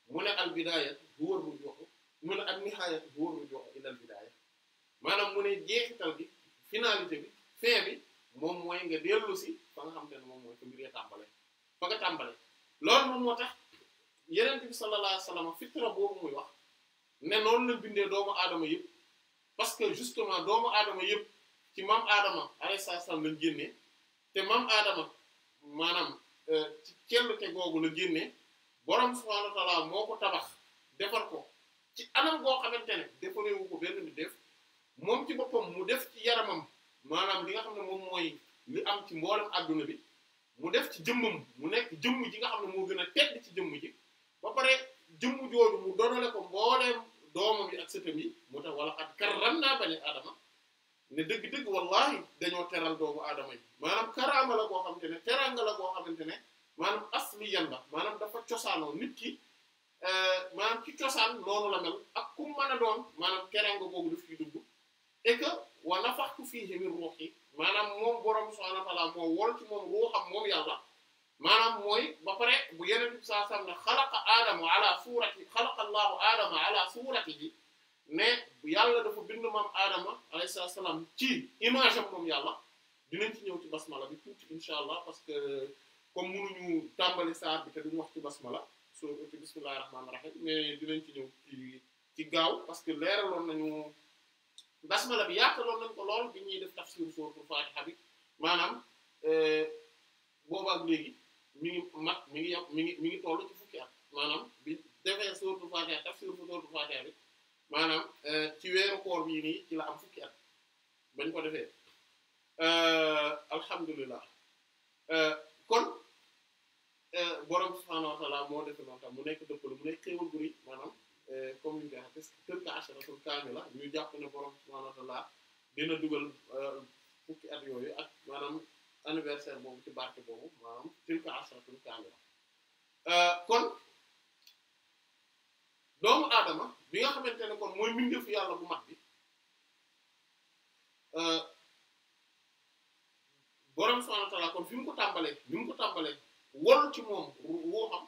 [SPEAKER 2] bi mu ne al bidaaya huwa rujuu'u mu ne ak nihaaya huwa rujuu'u ila al maanaam mu ne jeexital bi finalité bi fin bi moom mooy nga dellu si ba nga xamante ne moom mooy fa mbir ya tàmbale fa nga tàmbale loolu moom moo tax yeneen bi sallallahu alayhi wa sallam boobu muy wax ne noonu la bindee doomu aadama yëpp parce que justement doomu aadama yëpp ci maam aadama alayhi salaam lañ génnee te maam aadama maanaam euh, ci kellute googu la génnee borom subhaanahu wa moo ko tabax defar ko ci anam goo xamante ne defareewu ko benn bi def moom ci boppam mu def ci yaramam maanaam li nga xam ne moom mooy li am ci mboolem adduna bi mu def ci jëmmam mu nekk jëmm ji nga xam ne moo gën a tedd ci jëmm ji ba pare jëmm jooju mu donale ko mbooleem doomam yi ak sëtam yi moo tax wala xat karramnaa bani aadama ne dëgg-dëgg wallahi dañoo teral doomu aadama yi maanaam karaama la koo xamante ne teranga la koo xamante ne maanaam asli yan la maanaam dafa cosaanoo nit ki euh, maanaam ci cosaan noonu la mel ak ku mën doon maanaam teranga boobu daf ciy dugg et ونفخت فيه من روحي ما نام موم بروم سبحانه وتعالى مو ولت موم روحه موم يالا ما نام موي با فري بو يونس صلى الله عليه وسلم خلق ادم على صورته خلق الله ادم على صورته مي نعم، بو يالا دا فو بند مام ادم عليه الصلاه والسلام تي ايماج موم يالا دي نتي نيو تي بسمله بي تي ان شاء الله باسكو كوم مونو نيو تامبالي سار بي تي نوخ تي بسمله سو بسم الله الرحمن الرحيم مي دي نتي تي تي غاو باسكو ليرالون نانيو basmala bi yaataloon nañ ko lool bi ñuy def tafsir sóoratul Faatiha bi maanaam eh, boobaak léegi mi ngi mat mi ngi yam mi ngi mi ci fukki at maanaam bi defee sóoratul Faatiha tafsir sóoratul Faatiha maanaam eh, ci weeru koor bii nii ci la am fukki at bañ ko defee eh, alhamdulillah kon borom subhaanahu wa ta'aala moo defee noonu tam mu nekk dëppale mu nekk xéewal guri maanaam Euh, comme ni ñu koy waxee parce que ñu jàpp ne borom subhaanahu wa dina dugal euh, fukki at yooyu ak maanaam anniversaire boobu ci barke boobu maanaam tilka asharatul kaamila euh, kon doomu aadama bi nga xamante ne kon mooy mbindeefu yàlla bu mag bi borom subhaanahu wa kon fi mu ko tàmbalee ni mu ko tàmbalee wol ci moom woo xam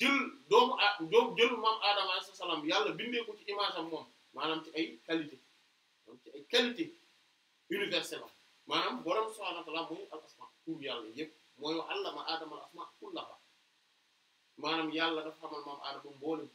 [SPEAKER 2] jël doomu a jël salaam yàlla bindee ko ci image am moom maanaam ci ay qualité maanaam ci ay qualité universelle am maanaam borom subhaanahu wa ta'aala mooy al asma pour yàlla yëpp mooy allama aadama al asma kullaha maanaam yàlla dafa xamal maam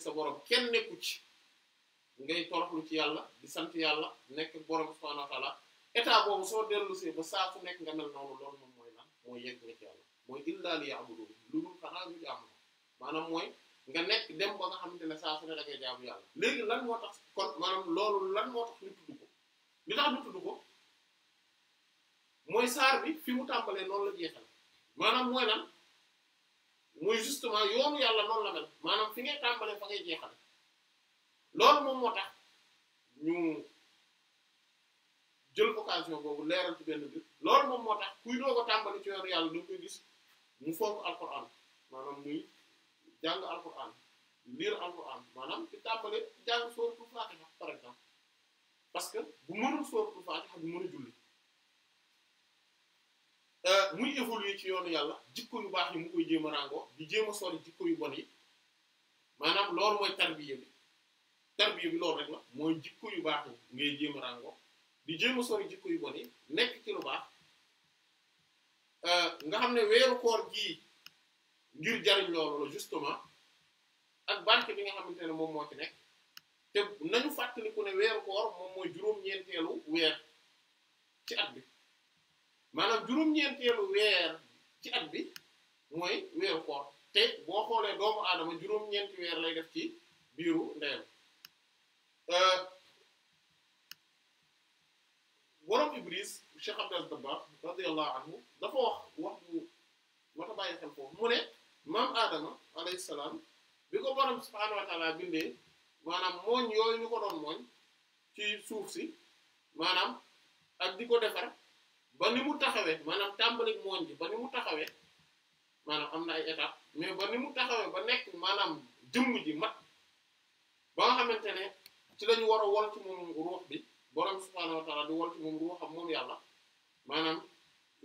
[SPEAKER 2] sa borom kenn nekku ci ngay toroxlu ci yàlla di sant yàlla nekk borom subhaanahu wa taala état boobu soo dellu see ba saa fu nekk nga mel noonu loolu moom mooy lan mooy yegg nga ci yàlla mooy illaa liya'buduun lu dul xanaa ñu jaamu maanaam mooy nga nekk dem ba nga xamante ne saa su ne da yàlla léegi lan moo tax kon loolu lan moo tax ñu tudd bi fi mu tàmbalee noonu la jeexal maanaam mooy justement yoonu yàlla noonu la mel maanaam fi ngay tàmbalee fa ngay jeexal loolu moom moo tax ñu jël occasion boobu leeral ci benn biir loolu moom moo tax kuy doog a tàmbali ci yoonu yàlla da nga koy gis mu fonk alquran maanaam muy jàng alquran lire alquran maanaam ci tàmbale jàng sóoratul Fatiha par exemple parce que bu mënul sóoratul Fatiha bu mën julli Euh, muy évoluer ci yoonu yàlla jikko yu baax yi mu koy jéem a ràngoo di jéem a jikko yu bon yi maanaam loolu mooy tarbiya bi tarbiya bi loolu rek la mooy jikko yu baax di jéem a sori bon yi nekk ci euh, nga xam ne weeru koor gii ngir jariñ loolu la justement ak barke bi nga xamante ne moom moo ci nekk te nañu fàttaliku ne weeru koor moom mooy juróom-ñeenteelu weer ci at bi maanaam juróom-ñeenteelu weer ci at bi mooy weeru koor te boo xoolee doomu aadama juróom-ñeenti weer lay def ci biiru ndeyam euh, borom Ibris Cheikh Abdel Dabba radiyallahu anhu dafa wax wax bu mata bàyyi xel foofu mu ne maam aadama alayhi salaam bi ko borom subhaanahu wa bindee maanaam mooñ yooyu ñu ko doon mooñ ci suuf si maanaam ak di ko defar ba ni mu taxawee maanaam tàmbali mooñ bi ba ni mu taxawee maanaam am na ay étape mais ba ni mu taxawee ba nekk maanaam jëmm ji mat ba xamante ne ci lañu war a ci moom ruux bi borom subhaanahu wa taala di wol ci moom ruuxam moom yàlla maanaam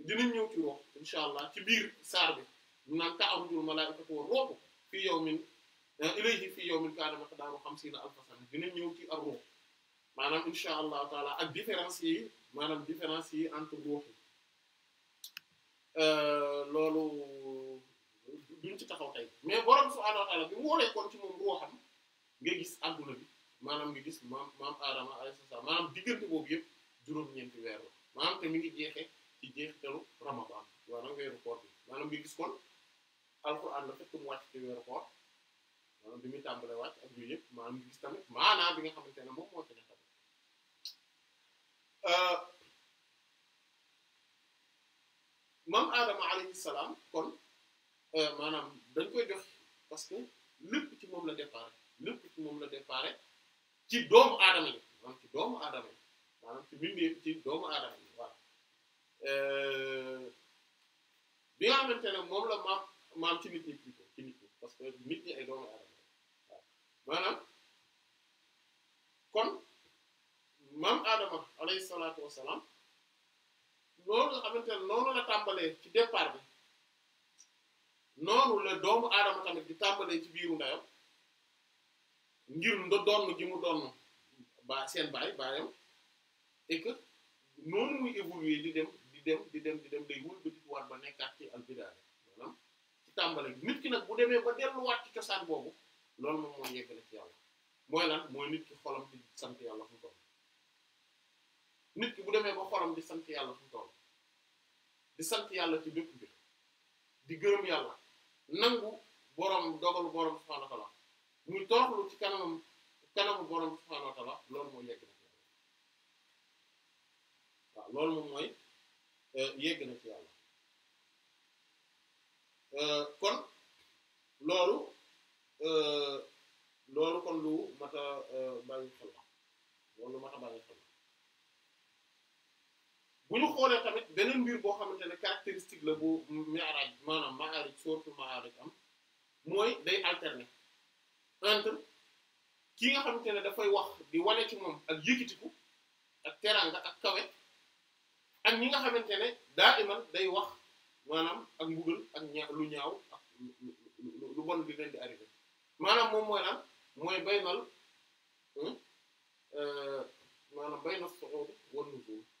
[SPEAKER 2] dinañ ñëw ci ruux incha allah ci biir saar bi ñu naan ta'rujul malaa'ikatu war ruuhu fii yawmin eh, ilayhi fii yawmin kaana miqdaaruhu xamsiina alfa sana dinañ ñëw ci ar ruux maanaam incha allah taala ak différence yi maanaam différence yi entre ruux euh, loolu duñ ci taxaw tey mais borom subhaanahu wa ta'aala bi mu woolee kon ci moom ruuxam nga gis adduna bi maanaam nga gis maam maam Aadama alayhi salaam maanaam juróom-ñeenti weer la maanaam te mi ngi jeexee weeru koor bi maanaam nga gis kon alxuraan la mu wàcc ci weeru koor maanaam bi muy tàmbalee bi nga xamante ne moom ci nekk Euh, maam Adama alayhi salaam kon euh, maanaam dañ koy jox parce que lépp ci moom la départ lépp ci moom la départ ci doomu aadama yi maanaam ci doomu aadama yi euh, nga xamante ne moom la maam maam ci nit ñi plutôt ci nit ñi parce que nit ñi ay doomu aadama yi maanaam kon. maam Adama alayhi salaatu wa salaam loolu nga xamante ne noonu la tàmbalee ci départ bi noonu la doomu Adama tamit di tàmbalee ci biiru ndeyam ngir nga doon ji mu doon ba seen baay baayam et noonu muy évoluer di dem di dem di dem di dem day wëlbatikuwaat ba nekkaat ci albidaaya maanaam ci bi nit ki nag bu demee ba delluwaat ci cosaan boobu loolu moom moo yeggale ci yàlla mooy lan mooy nit ki xolam di sant yàlla fu mu nit ki bu demee ba xolam di sant yàlla fu mu di sant yàlla ci bépp bi di gërëm yàlla nangu borom dogalu borom subhaanahu wa ta'ala muy toroxlu ci kanamam kanamu borom subhaanahu wa ta'ala loolu na ci yàlla waaw loolu moom mooy euh, yegg na ci yàlla euh, kon loolu euh, loolu kon lu mat a bàyyi xel la loolu lu mat a bàyyi xel la bu ñu xoolee tamit beneen mbir boo xamante ne caractéristique la bu mi'raj maanaam ma'arij sourate ma'arij am mooy day alterner entre kii nga xamante ne dafay wax di wane ci moom ak yëkkatiku ak teraanga ak kawe ak ñi nga xamante ne daa iman day wax maanaam ak mbugal ak ñaaw lu ñaaw ak lu bon bi leen di arrivé maanaam moom mooy lan mooy baynal hmm? euh, maanaam baynal su'ud wan nuzul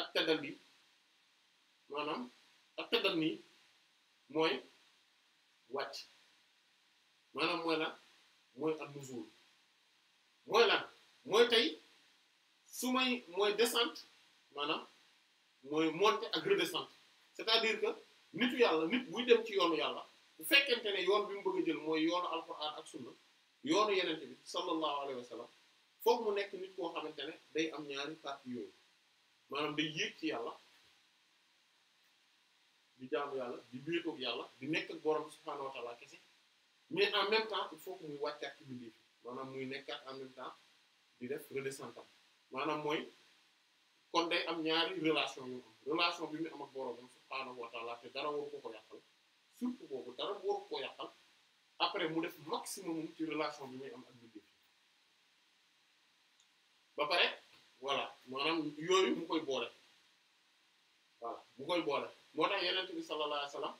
[SPEAKER 2] ak teddal bi maanaam ak teddal nii mooy wàcc maanaam mooy lan mooy ak nuzul mooy lan mooy tey su may mooy descente maanaam mooy montée ak redescente c'est-à-dire que nitu yàlla nit buy dem ci yoonu yàlla bu fekkente ne yoon bi mu bëgg a jël mooy yoonu alquran ak sunna yoonu yenente bi sallallahu alayhi wa sallam foog mu nekk nit koo xamante ne day am ñaari parti yooyu maanaam day yéeg ci yàlla di jaamu yàlla di wéetoog yàlla di nekk ak borom subhaanahu wa ta'ala sih, mais en même temps il faut que muy wàccaat ci bindee maanaam muy nekkaat en même temps di def redescente maanaam mooy kon day am ñaari relation yu am relation bi mu am ak borom subhaanahu wa ta'ala te dara waru ko ko yàqal surtout boobu dara waru ko yakal après mu def maximum ci relation bi muy am ak bindee ba pare. voilà maanaam yooyu mu koy boole voilà mu koy boole moo tax yeneen bi sallallahu alayhi wasallam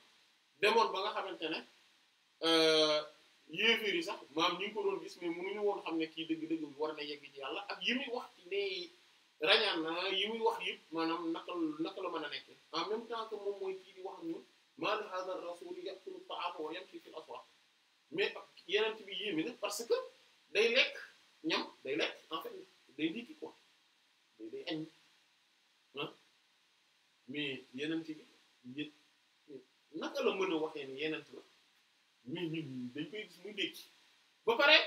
[SPEAKER 2] demoon ba nga xamante ne euh, yéeféer yi sax maam ñu ngi ko doon gis mais mënuñu woon xam ne kii dëgg-dëgg war na yegg ci yàlla ak yi muy wax ci nee rañaan yi muy wax yëpp maanaam naka naka la mën a nekk en même temps que moom mooy kii di wax ñun man hadha rasul yaqulu ta'ama wa yamshi fil aswaq mais yeneen bi yéemi na parce que day lekk ñam day lekk en fait day day añ ah mais yenent bi yét naka la mën a waxee ni yenent la mais ñun dañ koy gis muy dékki ba pare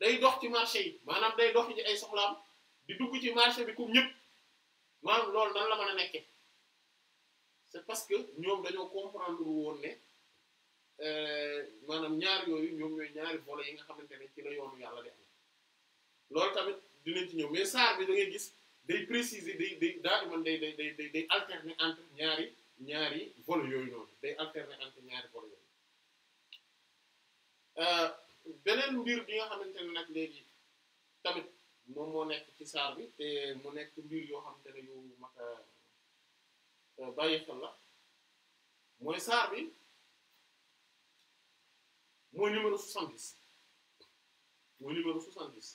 [SPEAKER 2] day dox ci marché yi maanaam day dox ci ay soxlaam di dugg ci marché bi comme ñëpp maanaam loolu nan la mën a nekkee c'est parce que ñoom dañoo comprendre woon ne euh, maanaam ñaar yooyu ñoom ñooy ñaari vole yi nga xamante ne ci la yoonu yàlla de am loolu tamit dinañ ci ñëw mais saar bi da ngay gis day préciser day day daal man day day day day alterner entre ñaari ñaari vol yooyu noonu day alterner entre ñaari vol yooyu euh, beneen mbir bi nga xamante ne nag léegi tamit moom moo nekk ci saar bi te mu nekk mbir yoo xamante ne yu mat a euh, bàyyi la mooy saar bi mooy numéro 70 mooy numéro 70.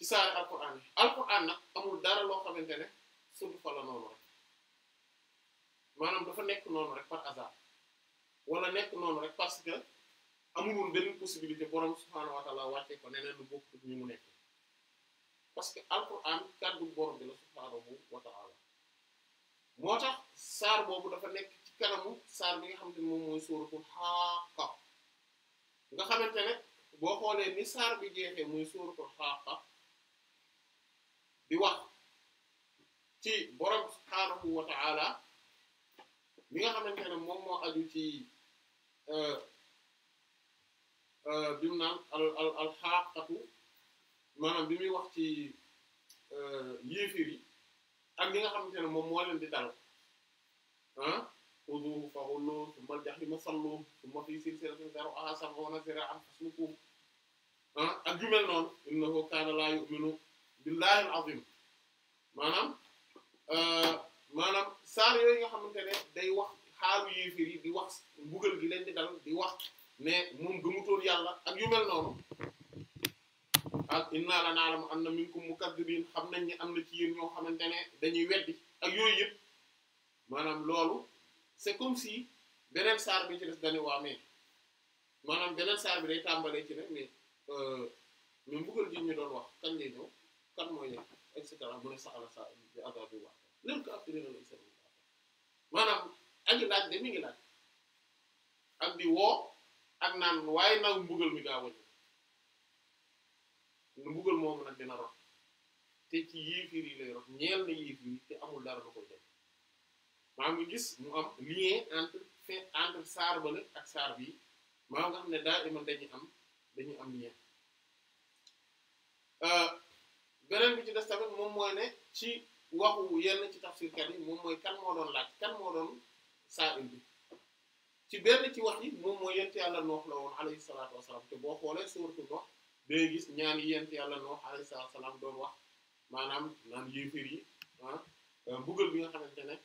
[SPEAKER 2] ci saari alquran yi alquran nag amul dara loo xamante ne sudu fa la noonu rek maanaam dafa nekk noonu rek par hasard wala nekk noonu rek parce que amul woon benn possibilité borom subhaanahu wa taala wàcce neneen lu bokk ñi mu nekk parce que alquran kàddu borom bi la subhaanahu wa taala moo tax saar boobu dafa nekk ci kanamu saar bi nga xamante ne moom mooy sóoratul Haaqqa nga xamante ne boo xoolee ni saar bi jeexee mooy sóoratul di wax ci borom subhaanahu wa ta'ala mi nga xamante ne moom moo aju ci euh, euh, bi mu naan al al al xaaqatu maanaam bi muy wax ci euh, yéefir yi ak li nga xamante ne moom moo leen di dal ah xuduuhu fa xulluuhu summa al-jahiima salluuhu summa fii silsilatin zar'uhaa sab'uuna ziraa'an faslukuuhu ah ak ju mel noonu innahu kaana laa yu'minu billahi alazim maanaam euh, maanaam saar yooyu nga xamante ne day wax xaalu yéefér yi di wax mbugal gi leen di dal di wax mais moom gëmutoon yàlla ak yu mel noonu ak inna la na'lamu anna minkum mukaththibin xam nañ ne am na ci yéen ñoo xamante ne dañuy weddi ak yooyu yëpp maanaam loolu c'est comme si beneen saar bi ci des dañu waa mais maanaam beneen saar bi day tàmbalee ci ne mais euh, mais mbugal gi ñu doon wax kan lay kan mooy nekk et cetera mu ne saxala sa bi azabi leen ko affaire yi la maanaam aji laaj de mi ngi laaj mbugal mi gaa wàññi mbugal ci yéefir yi amul dara lu maa ngi gis mu am lien entre xam ne daa iman dañuy am dañu am lien. Euh, beneen bi ci des tamit moom mooy ne ci waxu yenn ci tafsirkat yi moom mooy kan moo doon laaj kan moo doon saa bi ci benn ci wax yi moom mooy yent yàlla noox la woon alayhi salaatu wasalaam te boo xoolee surtout noox day gis ñaan yi yent yàlla noox alayhi salaatu wasalaam doon wax maanaam naan yéeféer yi ah euh, mbugal bi nga xamante ne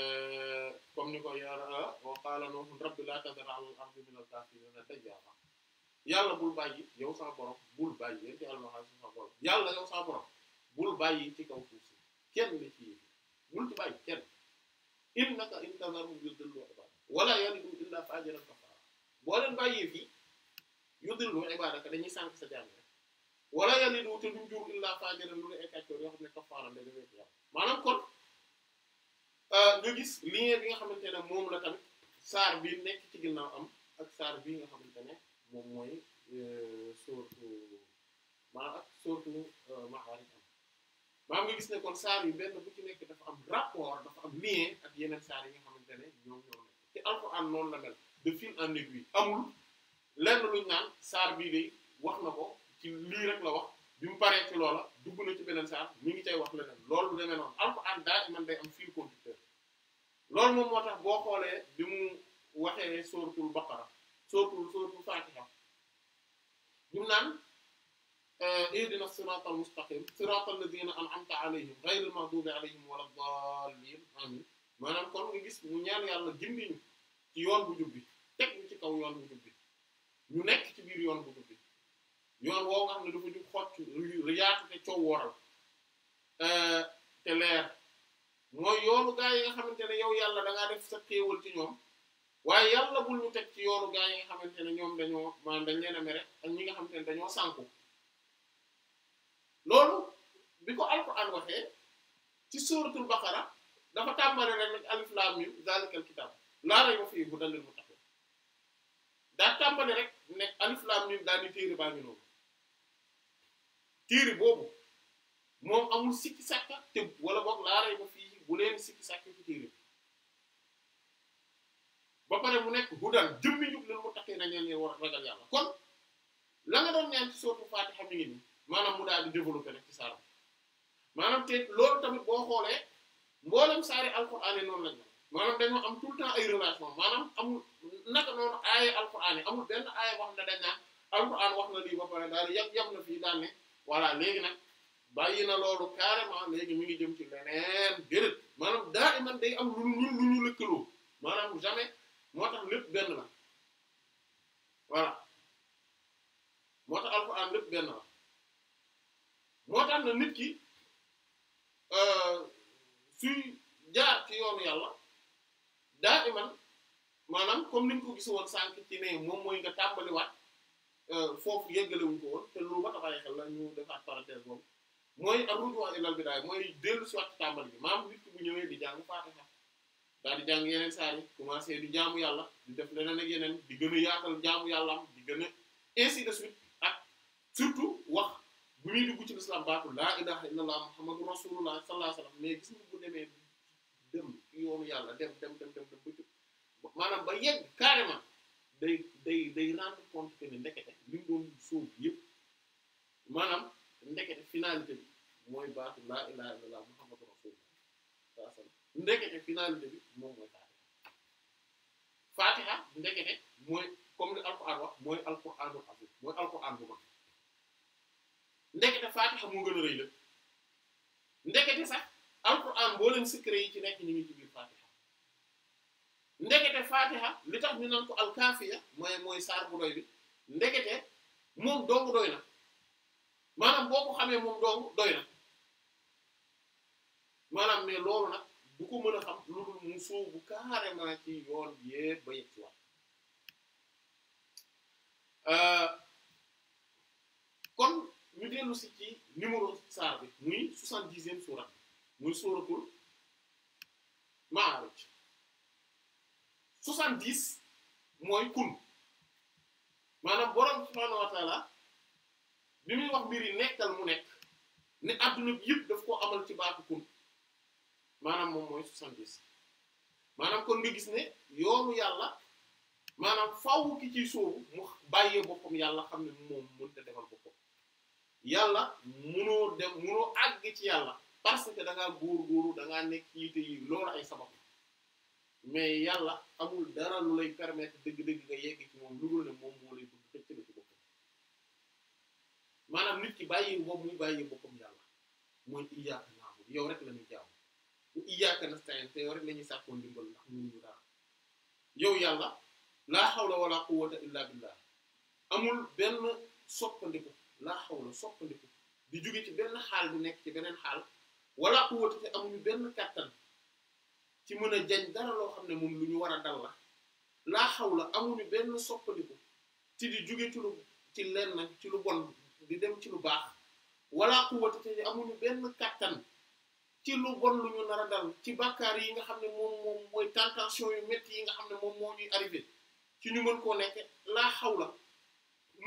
[SPEAKER 2] euh, comme ni ko yara wa qaala nooxun rabbi laa tadar alal ardi minal kaafiriina dayyaara yàlla bul bàyyi yow sa borom bul bàyyi yéen yàlla waxal sa borom yàlla yow sa borom bul bàyyi ci kaw suuf si kenn ni ci yéen bul ci bàyyi kenn innaka in tazarhum yudillu ibaadak wala yalidu illa fajiran kafaara boo leen bàyyee fii yudillu ibaadak dañuy sànq sa jaam rek wala yalidu te duñ jur illa fajiran lu ne ay kàccoor yoo xam ne kafaara la demee yàlla maanaam kon euh, nga gis lien bi nga xamante ne moom la tamit saar bi nekk ci ginnaaw am ak saar bii nga xamante ne moom mooy euh, sóortu ma ak sóortu euh, Maarij am nga gis ne kon saar yi benn bu ci nekk dafa am rapport dafa am lien ak yeneen saar yi nga xamante ne ñoom ñoo nekk te Alxuraan noonu la mel de fil en aiguille amul lenn luñ naan saar bii de wax na ko ci lii rek la wax bi mu paree ci loola dugg na ci beneen saar mi ngi cay wax leneen loolu demee noonu Alxuraan daal man day am fil conducteur loolu moom moo tax boo xoolee bi mu waxee sóortul Baqara sootul sootul Fatiha ñu naan eh, ihdina siratal mustaqim siratal ladina an'amta alayhim ghayril maghdubi alayhim wala dallin amin maanaam kon nga gis mu ñaan yàlla gindi ñu ci yoon bu jubbi teg ñu ci kaw yoon bu jubbi ñu nekk ci biir yoon bu jubbi yoon woo nga xam ne dafa jub xott yaatu te coow waral eh, te leer mooy yoonu gaa yi nga xamante ne yow yàlla dangaa def sa ci ñoom waaye yàlla bul ñu teg ci yoonu gaa yi nga xamante ne ñoom dañoo maanaam dañ leen a mere ak ñi nga xamante ne dañoo sànku loolu bi ko alquran waxee ci suratul baqara dafa tàmbale rek nag alif lam mim zalikal kitab laa rayba fiihi hudan lil tàmbale rek ne alif lam mim daal di téere baa ngi noonu boobu moom amul sikki sàkka te wala boog laa rayba fii bu leen sikki sàkka ci téere ba pare mu nekk hudan jëmmi njub lan mu takkee na ñeen ñi war ragal yàlla kon la nga doon ñaan ci sootu Fatiha mi ngi ni maanaam mu daal di développé nag ci saar maanaam te loolu tamit boo xoolee mboolem saari alquran yi noonu lañ la maanaam dañoo am tout le temps ay relation maanaam amul naka noonu aaya alquran yi amul benn aaya wax ne dañ naan alquran wax na lii ba pare daal yam yam na fii daal ne voilà léegi nag bàyyi na loolu carrément léegi mi ngi jëm ci leneen déedéet maanaam daa iman day am lu ñu lu ñu lëkkaloo maanaam jamais moo tax lépp benn na voilà moo tax alxuraan lépp benn la moo tax na nit ki euh, suy jaar ci yoonu yàlla daa iman maanaam comme ni ñu ko gisu woon sànq ci ne moom mooy nga tàmbaliwaat euh, foofu yeggalewuñ ko woon te lu ba tabaay xel la ñu defaat parenthèse boobu mooy ar-ruju' ilal bidaaya mooy dellu si ci tàmbali bi maam nit ki bu ñëwee di jàng Faatiha daal di jàng yeneen saar yi commencé di jaamu yàlla di def leneen ak yeneen di gën a yaatal jaamu yàllaam di gën a ainsi de suite ak surtout wax bu ñuy dugg ci l'islam baatu laa ilaha illallah muhammadu rasulullah sallallahu alayhi wasallam mais gis nga bu demee dem yoonu yàlla dem dem dem dem dem ba maanaam ba yegg carrément day day day rendre maanaam ndekete finalité bi mooy baatu laa ilaha illallah muhammadu rasulullah sallallahu ndekete finalité bi moom mooy Fatiha Fatiha ndekete mooy comme li alquran wax mooy alquranul azim mooy alquran bu mag ndekete Fatiha moo yi ci nekk ñu ngi ci biir Fatiha ndekete Fatiha li tax ñu mooy saar bu doy moom dong doy na maanaam boo ko xamee moom dong doy na maanaam mais loolu nag. bu ko mën a xam lu dul mu sóobu carrément ci yoon bi yëpp ba yegg ci wax euh, kon ñu dellu si ci numéro saar bi muy soixante-dixième suura muy suuratul Ma'âridj soixante-dix mooy kun maanaam borom subhaanahu wa bi muy wax mbir yi nekkal mu nekk ne àdduna bi yëpp daf koo amal ci baatu kun maanaam moom mooy soixante-dix maanaam kon nga gis ne yoonu yàlla maanaam faaw ki ciy sóobu mu bàyyee boppam yàlla xam ne moom mënta defal boppam yàlla munoo dem munoo àgg ci yàlla parce que da ngaa góor-góoru da nekk yitte yi loolu ay sabab mais yàlla amul dara lu lay permettre dëgg-dëgg nga yegg ci moom lu dul ne moom moo lay bëgg xëcc la ci boppam maanaam nit ki bàyyi boobu muy bàyyi boppam yàlla mooy iyaaka naabudu yow rek la ñu jaaw bu iyyaaka nasta'in te yow rek la ñuy sàkkoo ndimbal ndax ñun ñu dara yow yàlla laa hawla wala quwwata illa billah amul benn soppandiku laa hawla soppandiku di jóge benn xaal bu nekk ci beneen xaal wala quwwata te benn kàttan ci mën a jañ dara loo xam ne moom lu ñu war a dal la laa hawla amuñu benn soppandiku ci di jóge ci lu ci lenn ci lu bon di dem ci lu baax wala quwwata te amul benn kàttan ci lu bon lu ñu nar dal ci bàkkaar yi nga xam ne moom moom mooy tentation yu métti yi nga xam ne moom moo ñuy arrivé ci ñu mën koo nekk laa xaw la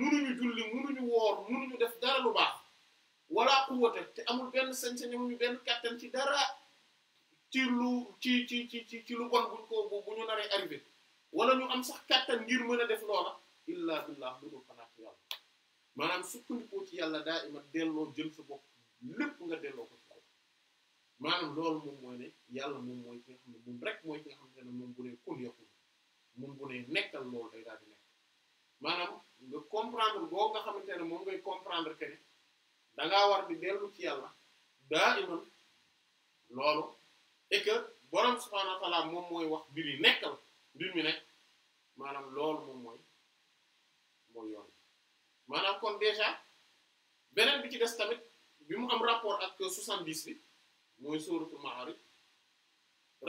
[SPEAKER 2] mënuñu julli mënuñu woor mënuñu def dara lu baax wala quwwata te amul benn sañ-sañ amuñu benn kàttan ci dara ci lu ci ci ci ci lu bon buñ ko bu ñu naree arrivé wala ñu am sax kàttan ngir mën a def loola illa billah lu dul xanaa ci yàlla maanaam sukkandikoo ci yàlla daa ima delloo jël sa bopp lépp nga delloo ko maanaam loolu moom mooy ne yàlla moom mooy ki nga xam ne moom rek mooy ki nga xamante ne moom bu ne kun yakun moom bu ne nekkal loolu day daal di nekk maanaam nga comprendre boo nga xamante ne moom ngay comprendre que ne da ngaa war di dellu ci yàlla daa iman loolu et que borom moom mooy wax mbir yi nekkal mbir mi nekk maanaam loolu moom mooy mooy yoon maanaam kon déjà beneen bi ci des tamit bi mu am rapport ak 70 bi. mooy sóoratul Ma'ârij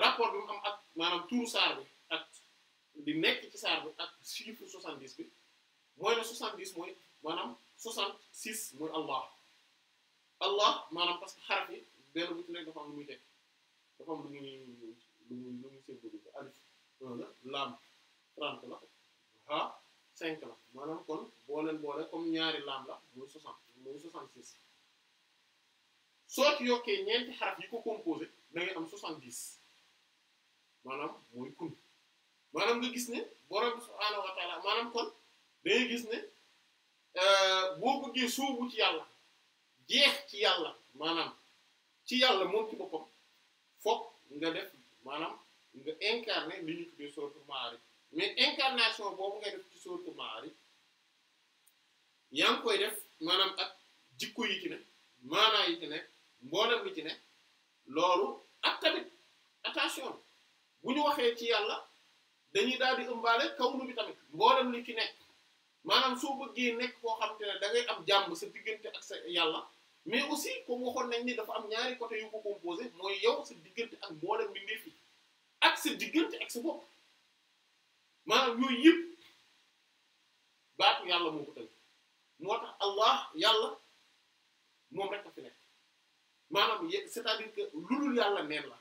[SPEAKER 2] rapport bi mu am ak maanaam turu saar bi ak di nekk ci saar bi ak chiffre soixante dix bi mooy ne soixante dix mooy maanaam soixante six mooy allah allah maanaam parce que xaraf yi benn bu ci nekk dafa am lu muy teg dafa am lu muy lu muy lu muy symbolise alif un la laam trente la ha cinq la maanaam kon booleen boole comme ñaari laam la mooy soixante mooy soixante six soo ci yokkee ñeenti xaraf yi ko composé da ngay am 70 maanaam mooy kun maanaam nga gis ne borom subhaanahu wa maanaam kon da gis ne euh, boo bëggee sóobu ci yàlla jeex ci yàlla maanaam ci yàlla moom ci boppam foog nga def maanaam nga incarné li ñu tuddee sourate mais incarnation boobu ngay def ci sourate Maarij yaa ngi koy def maanaam ak jikko yi ci maanaa yi ci nekk mboolem bi ci ne loolu ak tamit attention bu ñu waxee ci yàlla dañuy daal di ëmbaale kawnu bi tamit mboolem li ci nekk maanaam soo bëggee nekk koo xam te ne da am jàmm sa diggante ak sa yàlla mais aussi comme waxoon nañ ni dafa am ñaari côté yu ko composé mooy yow sa diggante ak mboolem bi ndefi ak sa diggante ak sa maanaam yooyu yëpp baatu yàlla moo ko tënk moo tax allah yàlla moom rek a fi nekk maanaam c'est-à-dire que lu dul yàlla neen la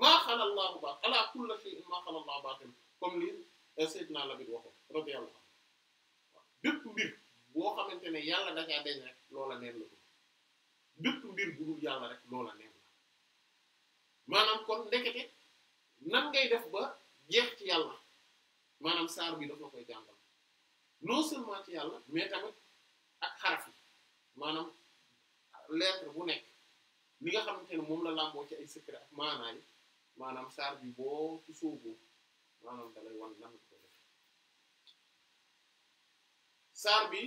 [SPEAKER 2] maa xalal laahu baat ala kulli shay'in maa xalal laahu baatin comme li euh, Seydina Labid waxoon radiyallahu anhu bépp mbir boo xamante ne yàlla da deñ rek loola neen la ko mbir bu dul yàlla rek loola neen la maanaam kon ndekete nan ngay def ba jeex ci yàlla maanaam saar bi dafa koy jàngal non seulement ci yàlla mais tamit ak xaraf maanaam lettre bu nekk li nga xamante ne moom la làmboo ci ay secret ak maanaa maanaam saar bi boo ci sóobu maanaam dalay wan ko def bi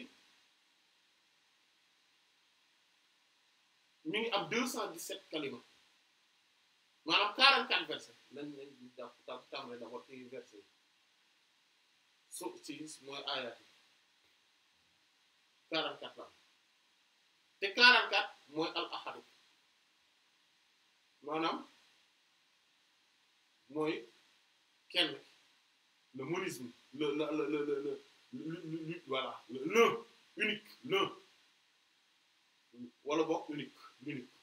[SPEAKER 2] mi ngi am deux cent maanaam quarante lañ lañ daf daf tàmbale d'abord ci verset yi so mooy aayaat yi quarante la te quarante mooy al ahadu manam moy kenn le monisme le le le le le le voilà l'un unique le wala boog unique unique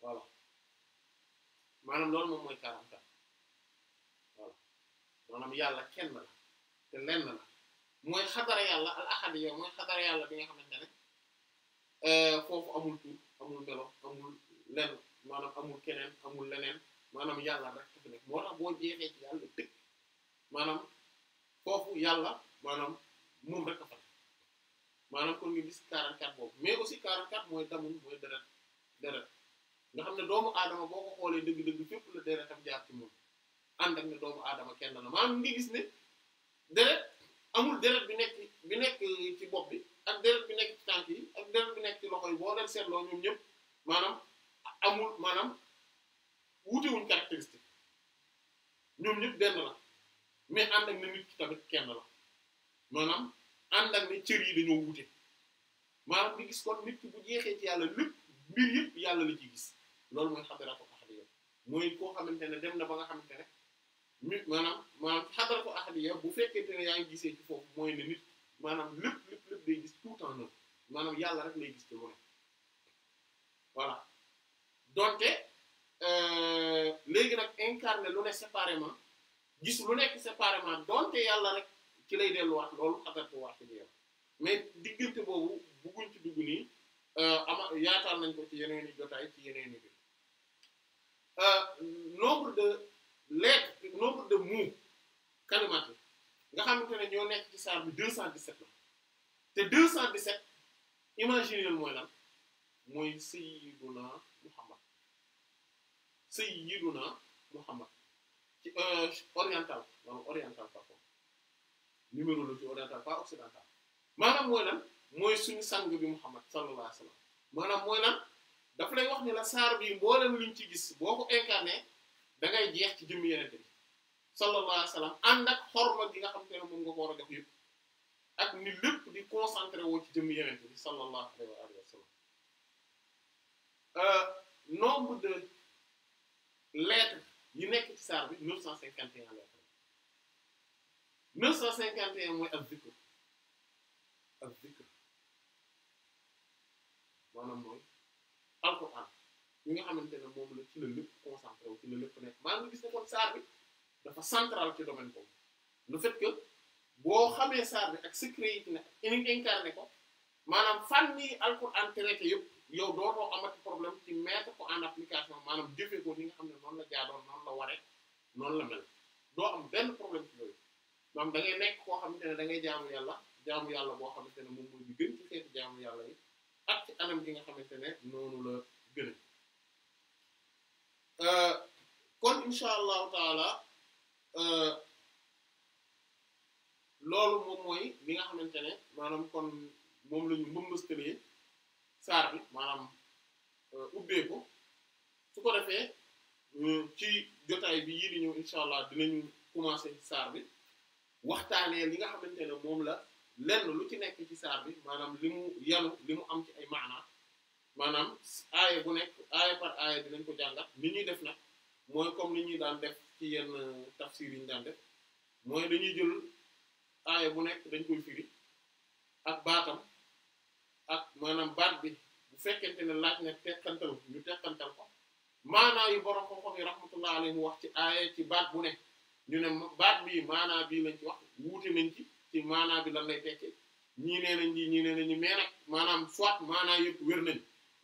[SPEAKER 2] voilà maanaam loolu moom mooy quarante voilà manam yàlla kenn la te lenn la moy xadara yàlla al ahad ahadiya moy xadara yàlla bi nga xamantene euh fofu amul tout amul melo amul. lenn maanaam amul keneen amul leneen maanaam yàlla rek fi nekk moo tax boo jeexee ci yàlla dëgg maanaam foofu yàlla maanaam moom rek a fa maanaam kon nga gis mais aussi 44 mooy damun mooy deret nga xam ne doomu aadama boo xoolee dëgg-dëgg fépp la deretam jaar ci moom ak ne doomu aadama kenn la maanaam nga gis ne deret amul deret bi nekk bi nekk ci bopp bi ak deret bi nekk ci tànk yi ak deret bi nekk ci loxo yi boo leen seetloo ñoom ñëpp maanaam amul manam wuute wuñ caractéristique ñom ñep ben la mais ànd ak nit ki tamit kenn la manam ànd ak ni cëri dañu dañoo manam bi gis ko nit ki bu jéxé ci yàlla lépp mbir yëpp yàlla la ci gis lool moy xadaratu ahadiya mooy koo xamante ne dem na ba nga xamantene ne nit manam maanaam xadaratu ahadiya bu fekkente té yaa ngi gisee ci foofu moy ni nit manam lépp lépp lépp day gis tout temps un maanaam yàlla rek lay gis ci lu voilà donte euh, léegi nag incarné lu ne séparément gis lu nekk séparément donte yàlla rek ci lay delluwaat loolu agartu waat ci yàlla mais diggante boobu bugguñ ci dugg nii euh, ama yaatal nañ ko ci yeneen i jotaay ci yeneen i bi euh, nombre de lettres nombre de mots kalimat nga xamante ne ñoo nekk ci saar bi 217 la te cent 217 imaginez mooy lan mooy sayyiduna sayyiduna Muhammad ci euh, oriental maanaam oriental par rapport numéro la ci oriental pas occidental maanaam mooy lan mooy suñu sang bi Muhammad sallallahu alayhi wa sallam maanaam mooy lan daf lay wax ni la saar bi mboolem liñ ci gis boo ko incarné da ngay jeex ci jëmmi yeneen bi sallallahu alayhi wa sallam ànd ak xorma gi nga xam te ne moom nga ko war a jox yëpp ak ni lépp di concentré woo ci jëmmi yeneen bi sallallahu alayhi wa sallam euh, nombre de lettre yi nekk ci saar bi 951 lettre 951 mooy ab zikr ab zikr maanaam mooy alquran yi nga xamante ne moom la ci la lépp concentré wu ci la lépp nekk maanaam nga gis ne kon saar bi dafa central ci domaine boobu le fait que boo xamee saar bi ak secret yi ci ne incarné ko maanaam fànn yi alquran traité yëpp. yow am amati problème ci mettre ko en application maanaam jëfee ko ni nga xam ne noonu la jaadoon noonu la waree noonu la mel doo am benn problème ci yooyu da ngay nekk koo xamante ne da ngay jaamu yàlla yàlla boo xamante ne moom mooy bi gën yàlla yi ak nga xamante ne noonu la gën euh, kon incha allahu taala euh, loolu xamante ne maanaam kon moom la ñu saar bi maam euh, ubbeeku su ko defee ci jotaay bi yii di ñëw incha allah dinañu commencer saar bi waxtaanee li nga xamante ne moom la lenn lu ci nekk ci saar bi maanaam li mu yanu li mu am ci ay maanaa maanaam aaya bu nekk aaya par aaya dinañ ko jàngat ni ñuy def nag mooy comme ni ñuy daan def ci yenn euh, tafsir yi ñu daan def mooy dañuy jël aaya bu nekk dañ koy firi ak baatam ak maanaam baat bi bu fekkente ne laaj na tekkantal ñu tekkantal ko maanaa yi borom xam-xam yi rahmatullah alayhi wax ci aaye ci baat bu ne ñu ne baat bi maanaa bii lañ ci wax wuute nañ ci ci maanaa bi lan lay tekki ñii nee nañ ñi nee nañu mais maanaam soit maanaa yëpp wér nañ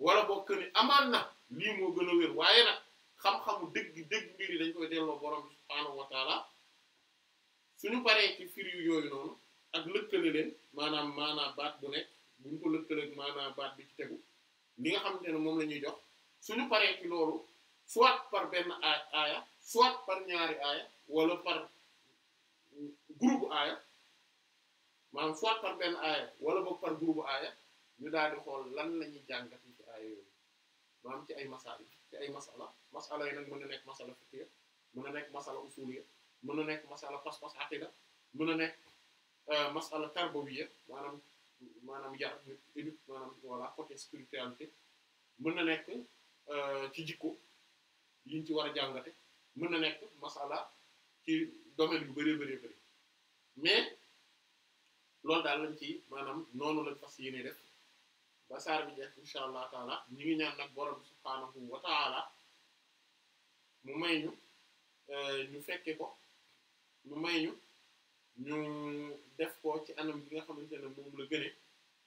[SPEAKER 2] wala bokk ni amaan na lii moo gën a wér waaye nag xam-xamu dëgg dëgg mbir yi dañ koy delloo borom bi suñu paree ci firi yooyu noonu ak lëkkale leen maanaam maanaa baat bu nekk buñ ko ak maanaam baat bi ci teggu li nga xamante mom lañuy jox suñu paré ci lolu soit par ben aya soit par ñaari aya wala par groupe aya man soit par ben aya wala bok par groupe aya ñu daal di xol lan lañuy ñuy jàngati ci aaya yooyu maanaam ci ay masala ci ay masala masala yi nak mëna nek masala fiqhiyya mën na masala usuliyya mëna nek masala pas-pas aqida mëna nek euh, masala tarbawiyya manam maanaam yar nit éduc maanaam voilà côté spiritualité mën na nekk euh, ci jikko yiñ ci war a jàngate mën na nekk masala ci domaine bu bëree bëri bëri mais loolu daal lañ ci maanaam noonu lañ fas yéene def ba saar bi jeex incha allah taala ñu ngi ñaan nag borom subhaanahu wa mu may ñu euh, ñu fekke ko mu may ñu mu def ko ci anam bi nga xamante ne moom la gëne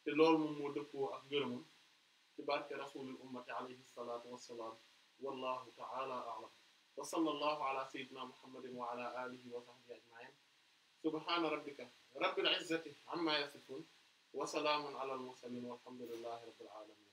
[SPEAKER 2] te loolu moom moo dëppoo ak ngërëmam ci barke rasulil ummati alayhi salaatu wassalaam wallahu taala a'lam wa sallallahu ala sayyidina muhammadin wa ala alihi wa sahbihi ajma'in subhana rabbika rabbil izzati amma yasifun wa salaamun ala al mursalin walhamdulillahi rabbil alamin